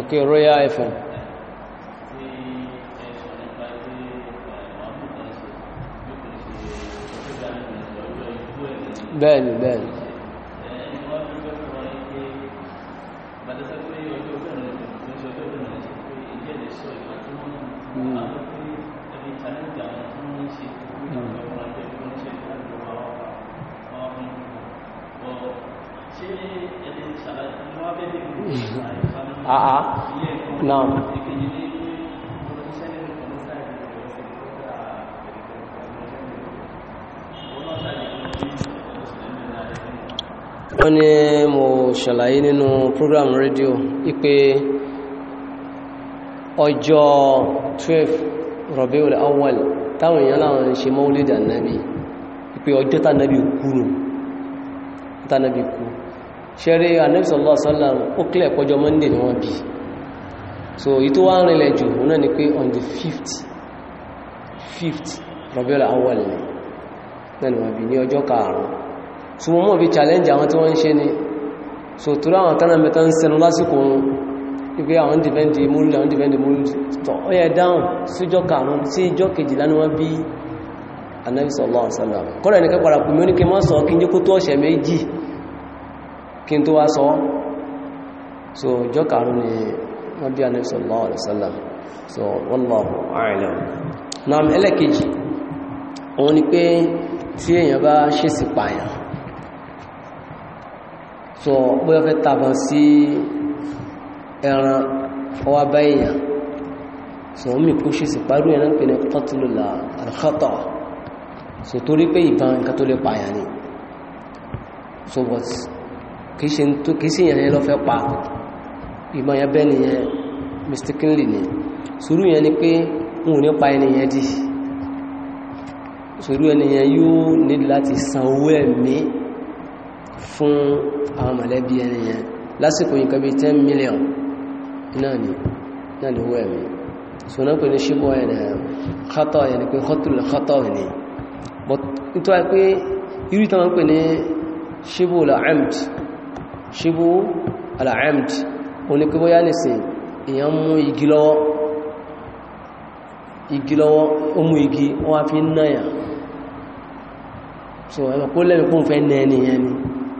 Okay, Royal FM. bẹ́ẹ̀ni bẹ́ẹ̀ni àà hmm. ah, ah. náà wọ́n ní mo ṣàlàyé nínú program radio ipe ọjọ́ 12 Rabiul Awwal táwọn èèyàn láwọn ń ṣe mọ́wúlédà náàbí ipe ọjọ́ tánàbí kúrò tánàbí kú ṣẹ́rí Ànábì sallallahu alaihi wasallam ó kílẹ̀ pọ́jọ́ Monday ni wọ́n bí so èyí tó wá ń rìnlẹ̀ jù náà ni pé on the 5th 5th Rabiul Awwal náà ni wọ́n bí ní ọjọ́ karùn-ún so wọ́n mọ̀ bí challenge àwọn tí wọ́n ń ṣe ni so torí àwọn kan náà mẹ́ta ń sẹnu lásìkò wọn wípé àwọn dìbẹ́ndì múlùdì àwọn dìbẹ́ndì múlùdì tọ́ ó yẹ dáhùn síjọ́ karùn-ún sí ìjọ́ kejìlá ni wọ́n bí Ànábì sallallahu alaihi wasallam kọ́rọ̀ ẹni kẹ́kọ̀ọ́ pè mí ó ní kí n má sọ kí n jẹ́ kó tó ọ̀sẹ̀ méjì kí n tó wá sọ so ìjọ́ karùn-ún ni wọ́n bí tí èèyàn bá ṣèṣì pààyàn so pé wọ́n fẹ́ tàbọn sí ẹran ọwá báyìyàn so omi kó ṣe sì parí ẹ̀nà pẹ̀lú kọtùlùlà alkhata so torí pé ìbọn nǹkan tó lè pààyàn ni so but kìí sí ìyàn lọ fẹ́ pa ìbọn yẹn bẹ́ẹ̀ nìyẹn mistakenly ni sùúrù yẹn ni pé n ò ní pa ẹniyẹn dì sùúrù ẹniyẹn yóò nílò láti san owó ẹ̀mí fún àwọn mọ̀lẹ́bí ẹni yẹn lásìkò yìí kan bí 10 million náà ni náà ni owó ẹ̀mí so náà pè ní ṣíbọ̀ ẹ̀nà kátọ̀ ẹ̀nà pé kọ́tùlù kátọ̀ ẹ̀nì but nítorí wáyé pé ní ṣíbù pé bóyá wọ́n wá so ẹ̀mọ̀ kó lẹ́mí kó ń fẹ́ náà nìyẹn ni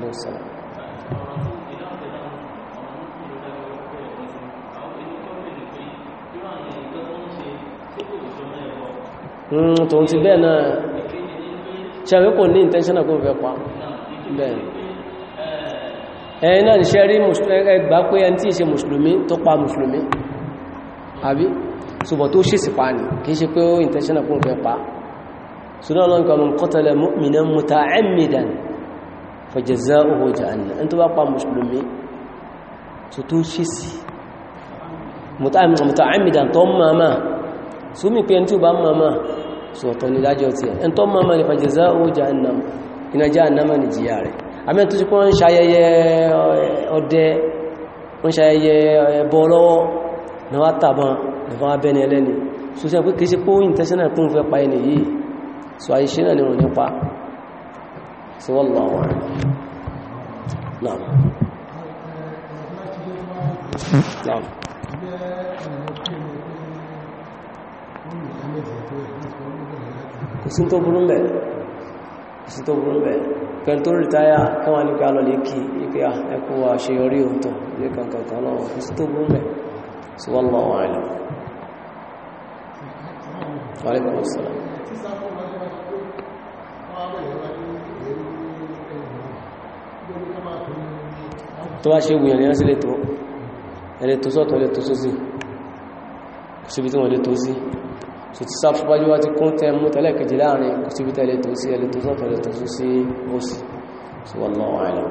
عليه وسلم tó ń ti bẹ́ẹ̀ náà ṣẹ́rí kò ní intentional kó fẹ́ pa bẹ́ẹ̀ ẹ̀yìn náà ṣe rí ẹgbà pé ẹni tí ṣe mùsùlùmí tó pa mùsùlùmí àbí ṣùgbọ́n tó ṣe sì pa ní kìí ṣe pé ó intentional kó fẹ́ pa ṣùgbọ́n lọ́nkọ̀ mọ̀ qatala mu'minan muta'ammidan فجزاؤه جهنم انت بقى مسلمين ستوشيسي متعمدا طم ماما سومي بينتو بام ماما سوتوني داجو تي ان طم ماما فجزاؤه جهنم ان جهنم نجياره àmì tó ti kọ́ ń ṣayẹyẹ ọdẹ ń ṣayẹyẹ bọ́ lọ́wọ́ ní wá tàbọn ìfọ́n abẹ́ni ẹlẹ́ni so sí ẹ̀kú kìí sí pé ó intentional fẹ́ pa ẹni yìí so àìṣẹ́ náà lè nípa so wọ́n lọ نعم نعم náà kò sí tó burú mẹ́ kò sí tó burú mẹ́ pẹ̀lú tó rí táyà kọ́ wà ní pé alọ́ lè kí ipé ah, ẹkù àṣeyọrí òǹtọ̀ ilé kankankan náà kò tó burú mẹ́ so wọ́n lọ àwọn tó bá ṣe wùyàn ní ránṣẹ́ lẹ́tọ́ ẹlẹ́tọ́ sọ́tọ̀ ẹlẹ́tọ́ sósì kò síbi tí wọ́n lè tó sí so ti sáfù bájú wá ti kún tẹ mú tẹ́lẹ̀ kejì láàrin kò síbi tẹ́ ẹlẹ́tọ́ sí ẹlẹ́tọ́ sọ́tọ̀ ẹlẹ́tọ́ sósì òsì so wallahu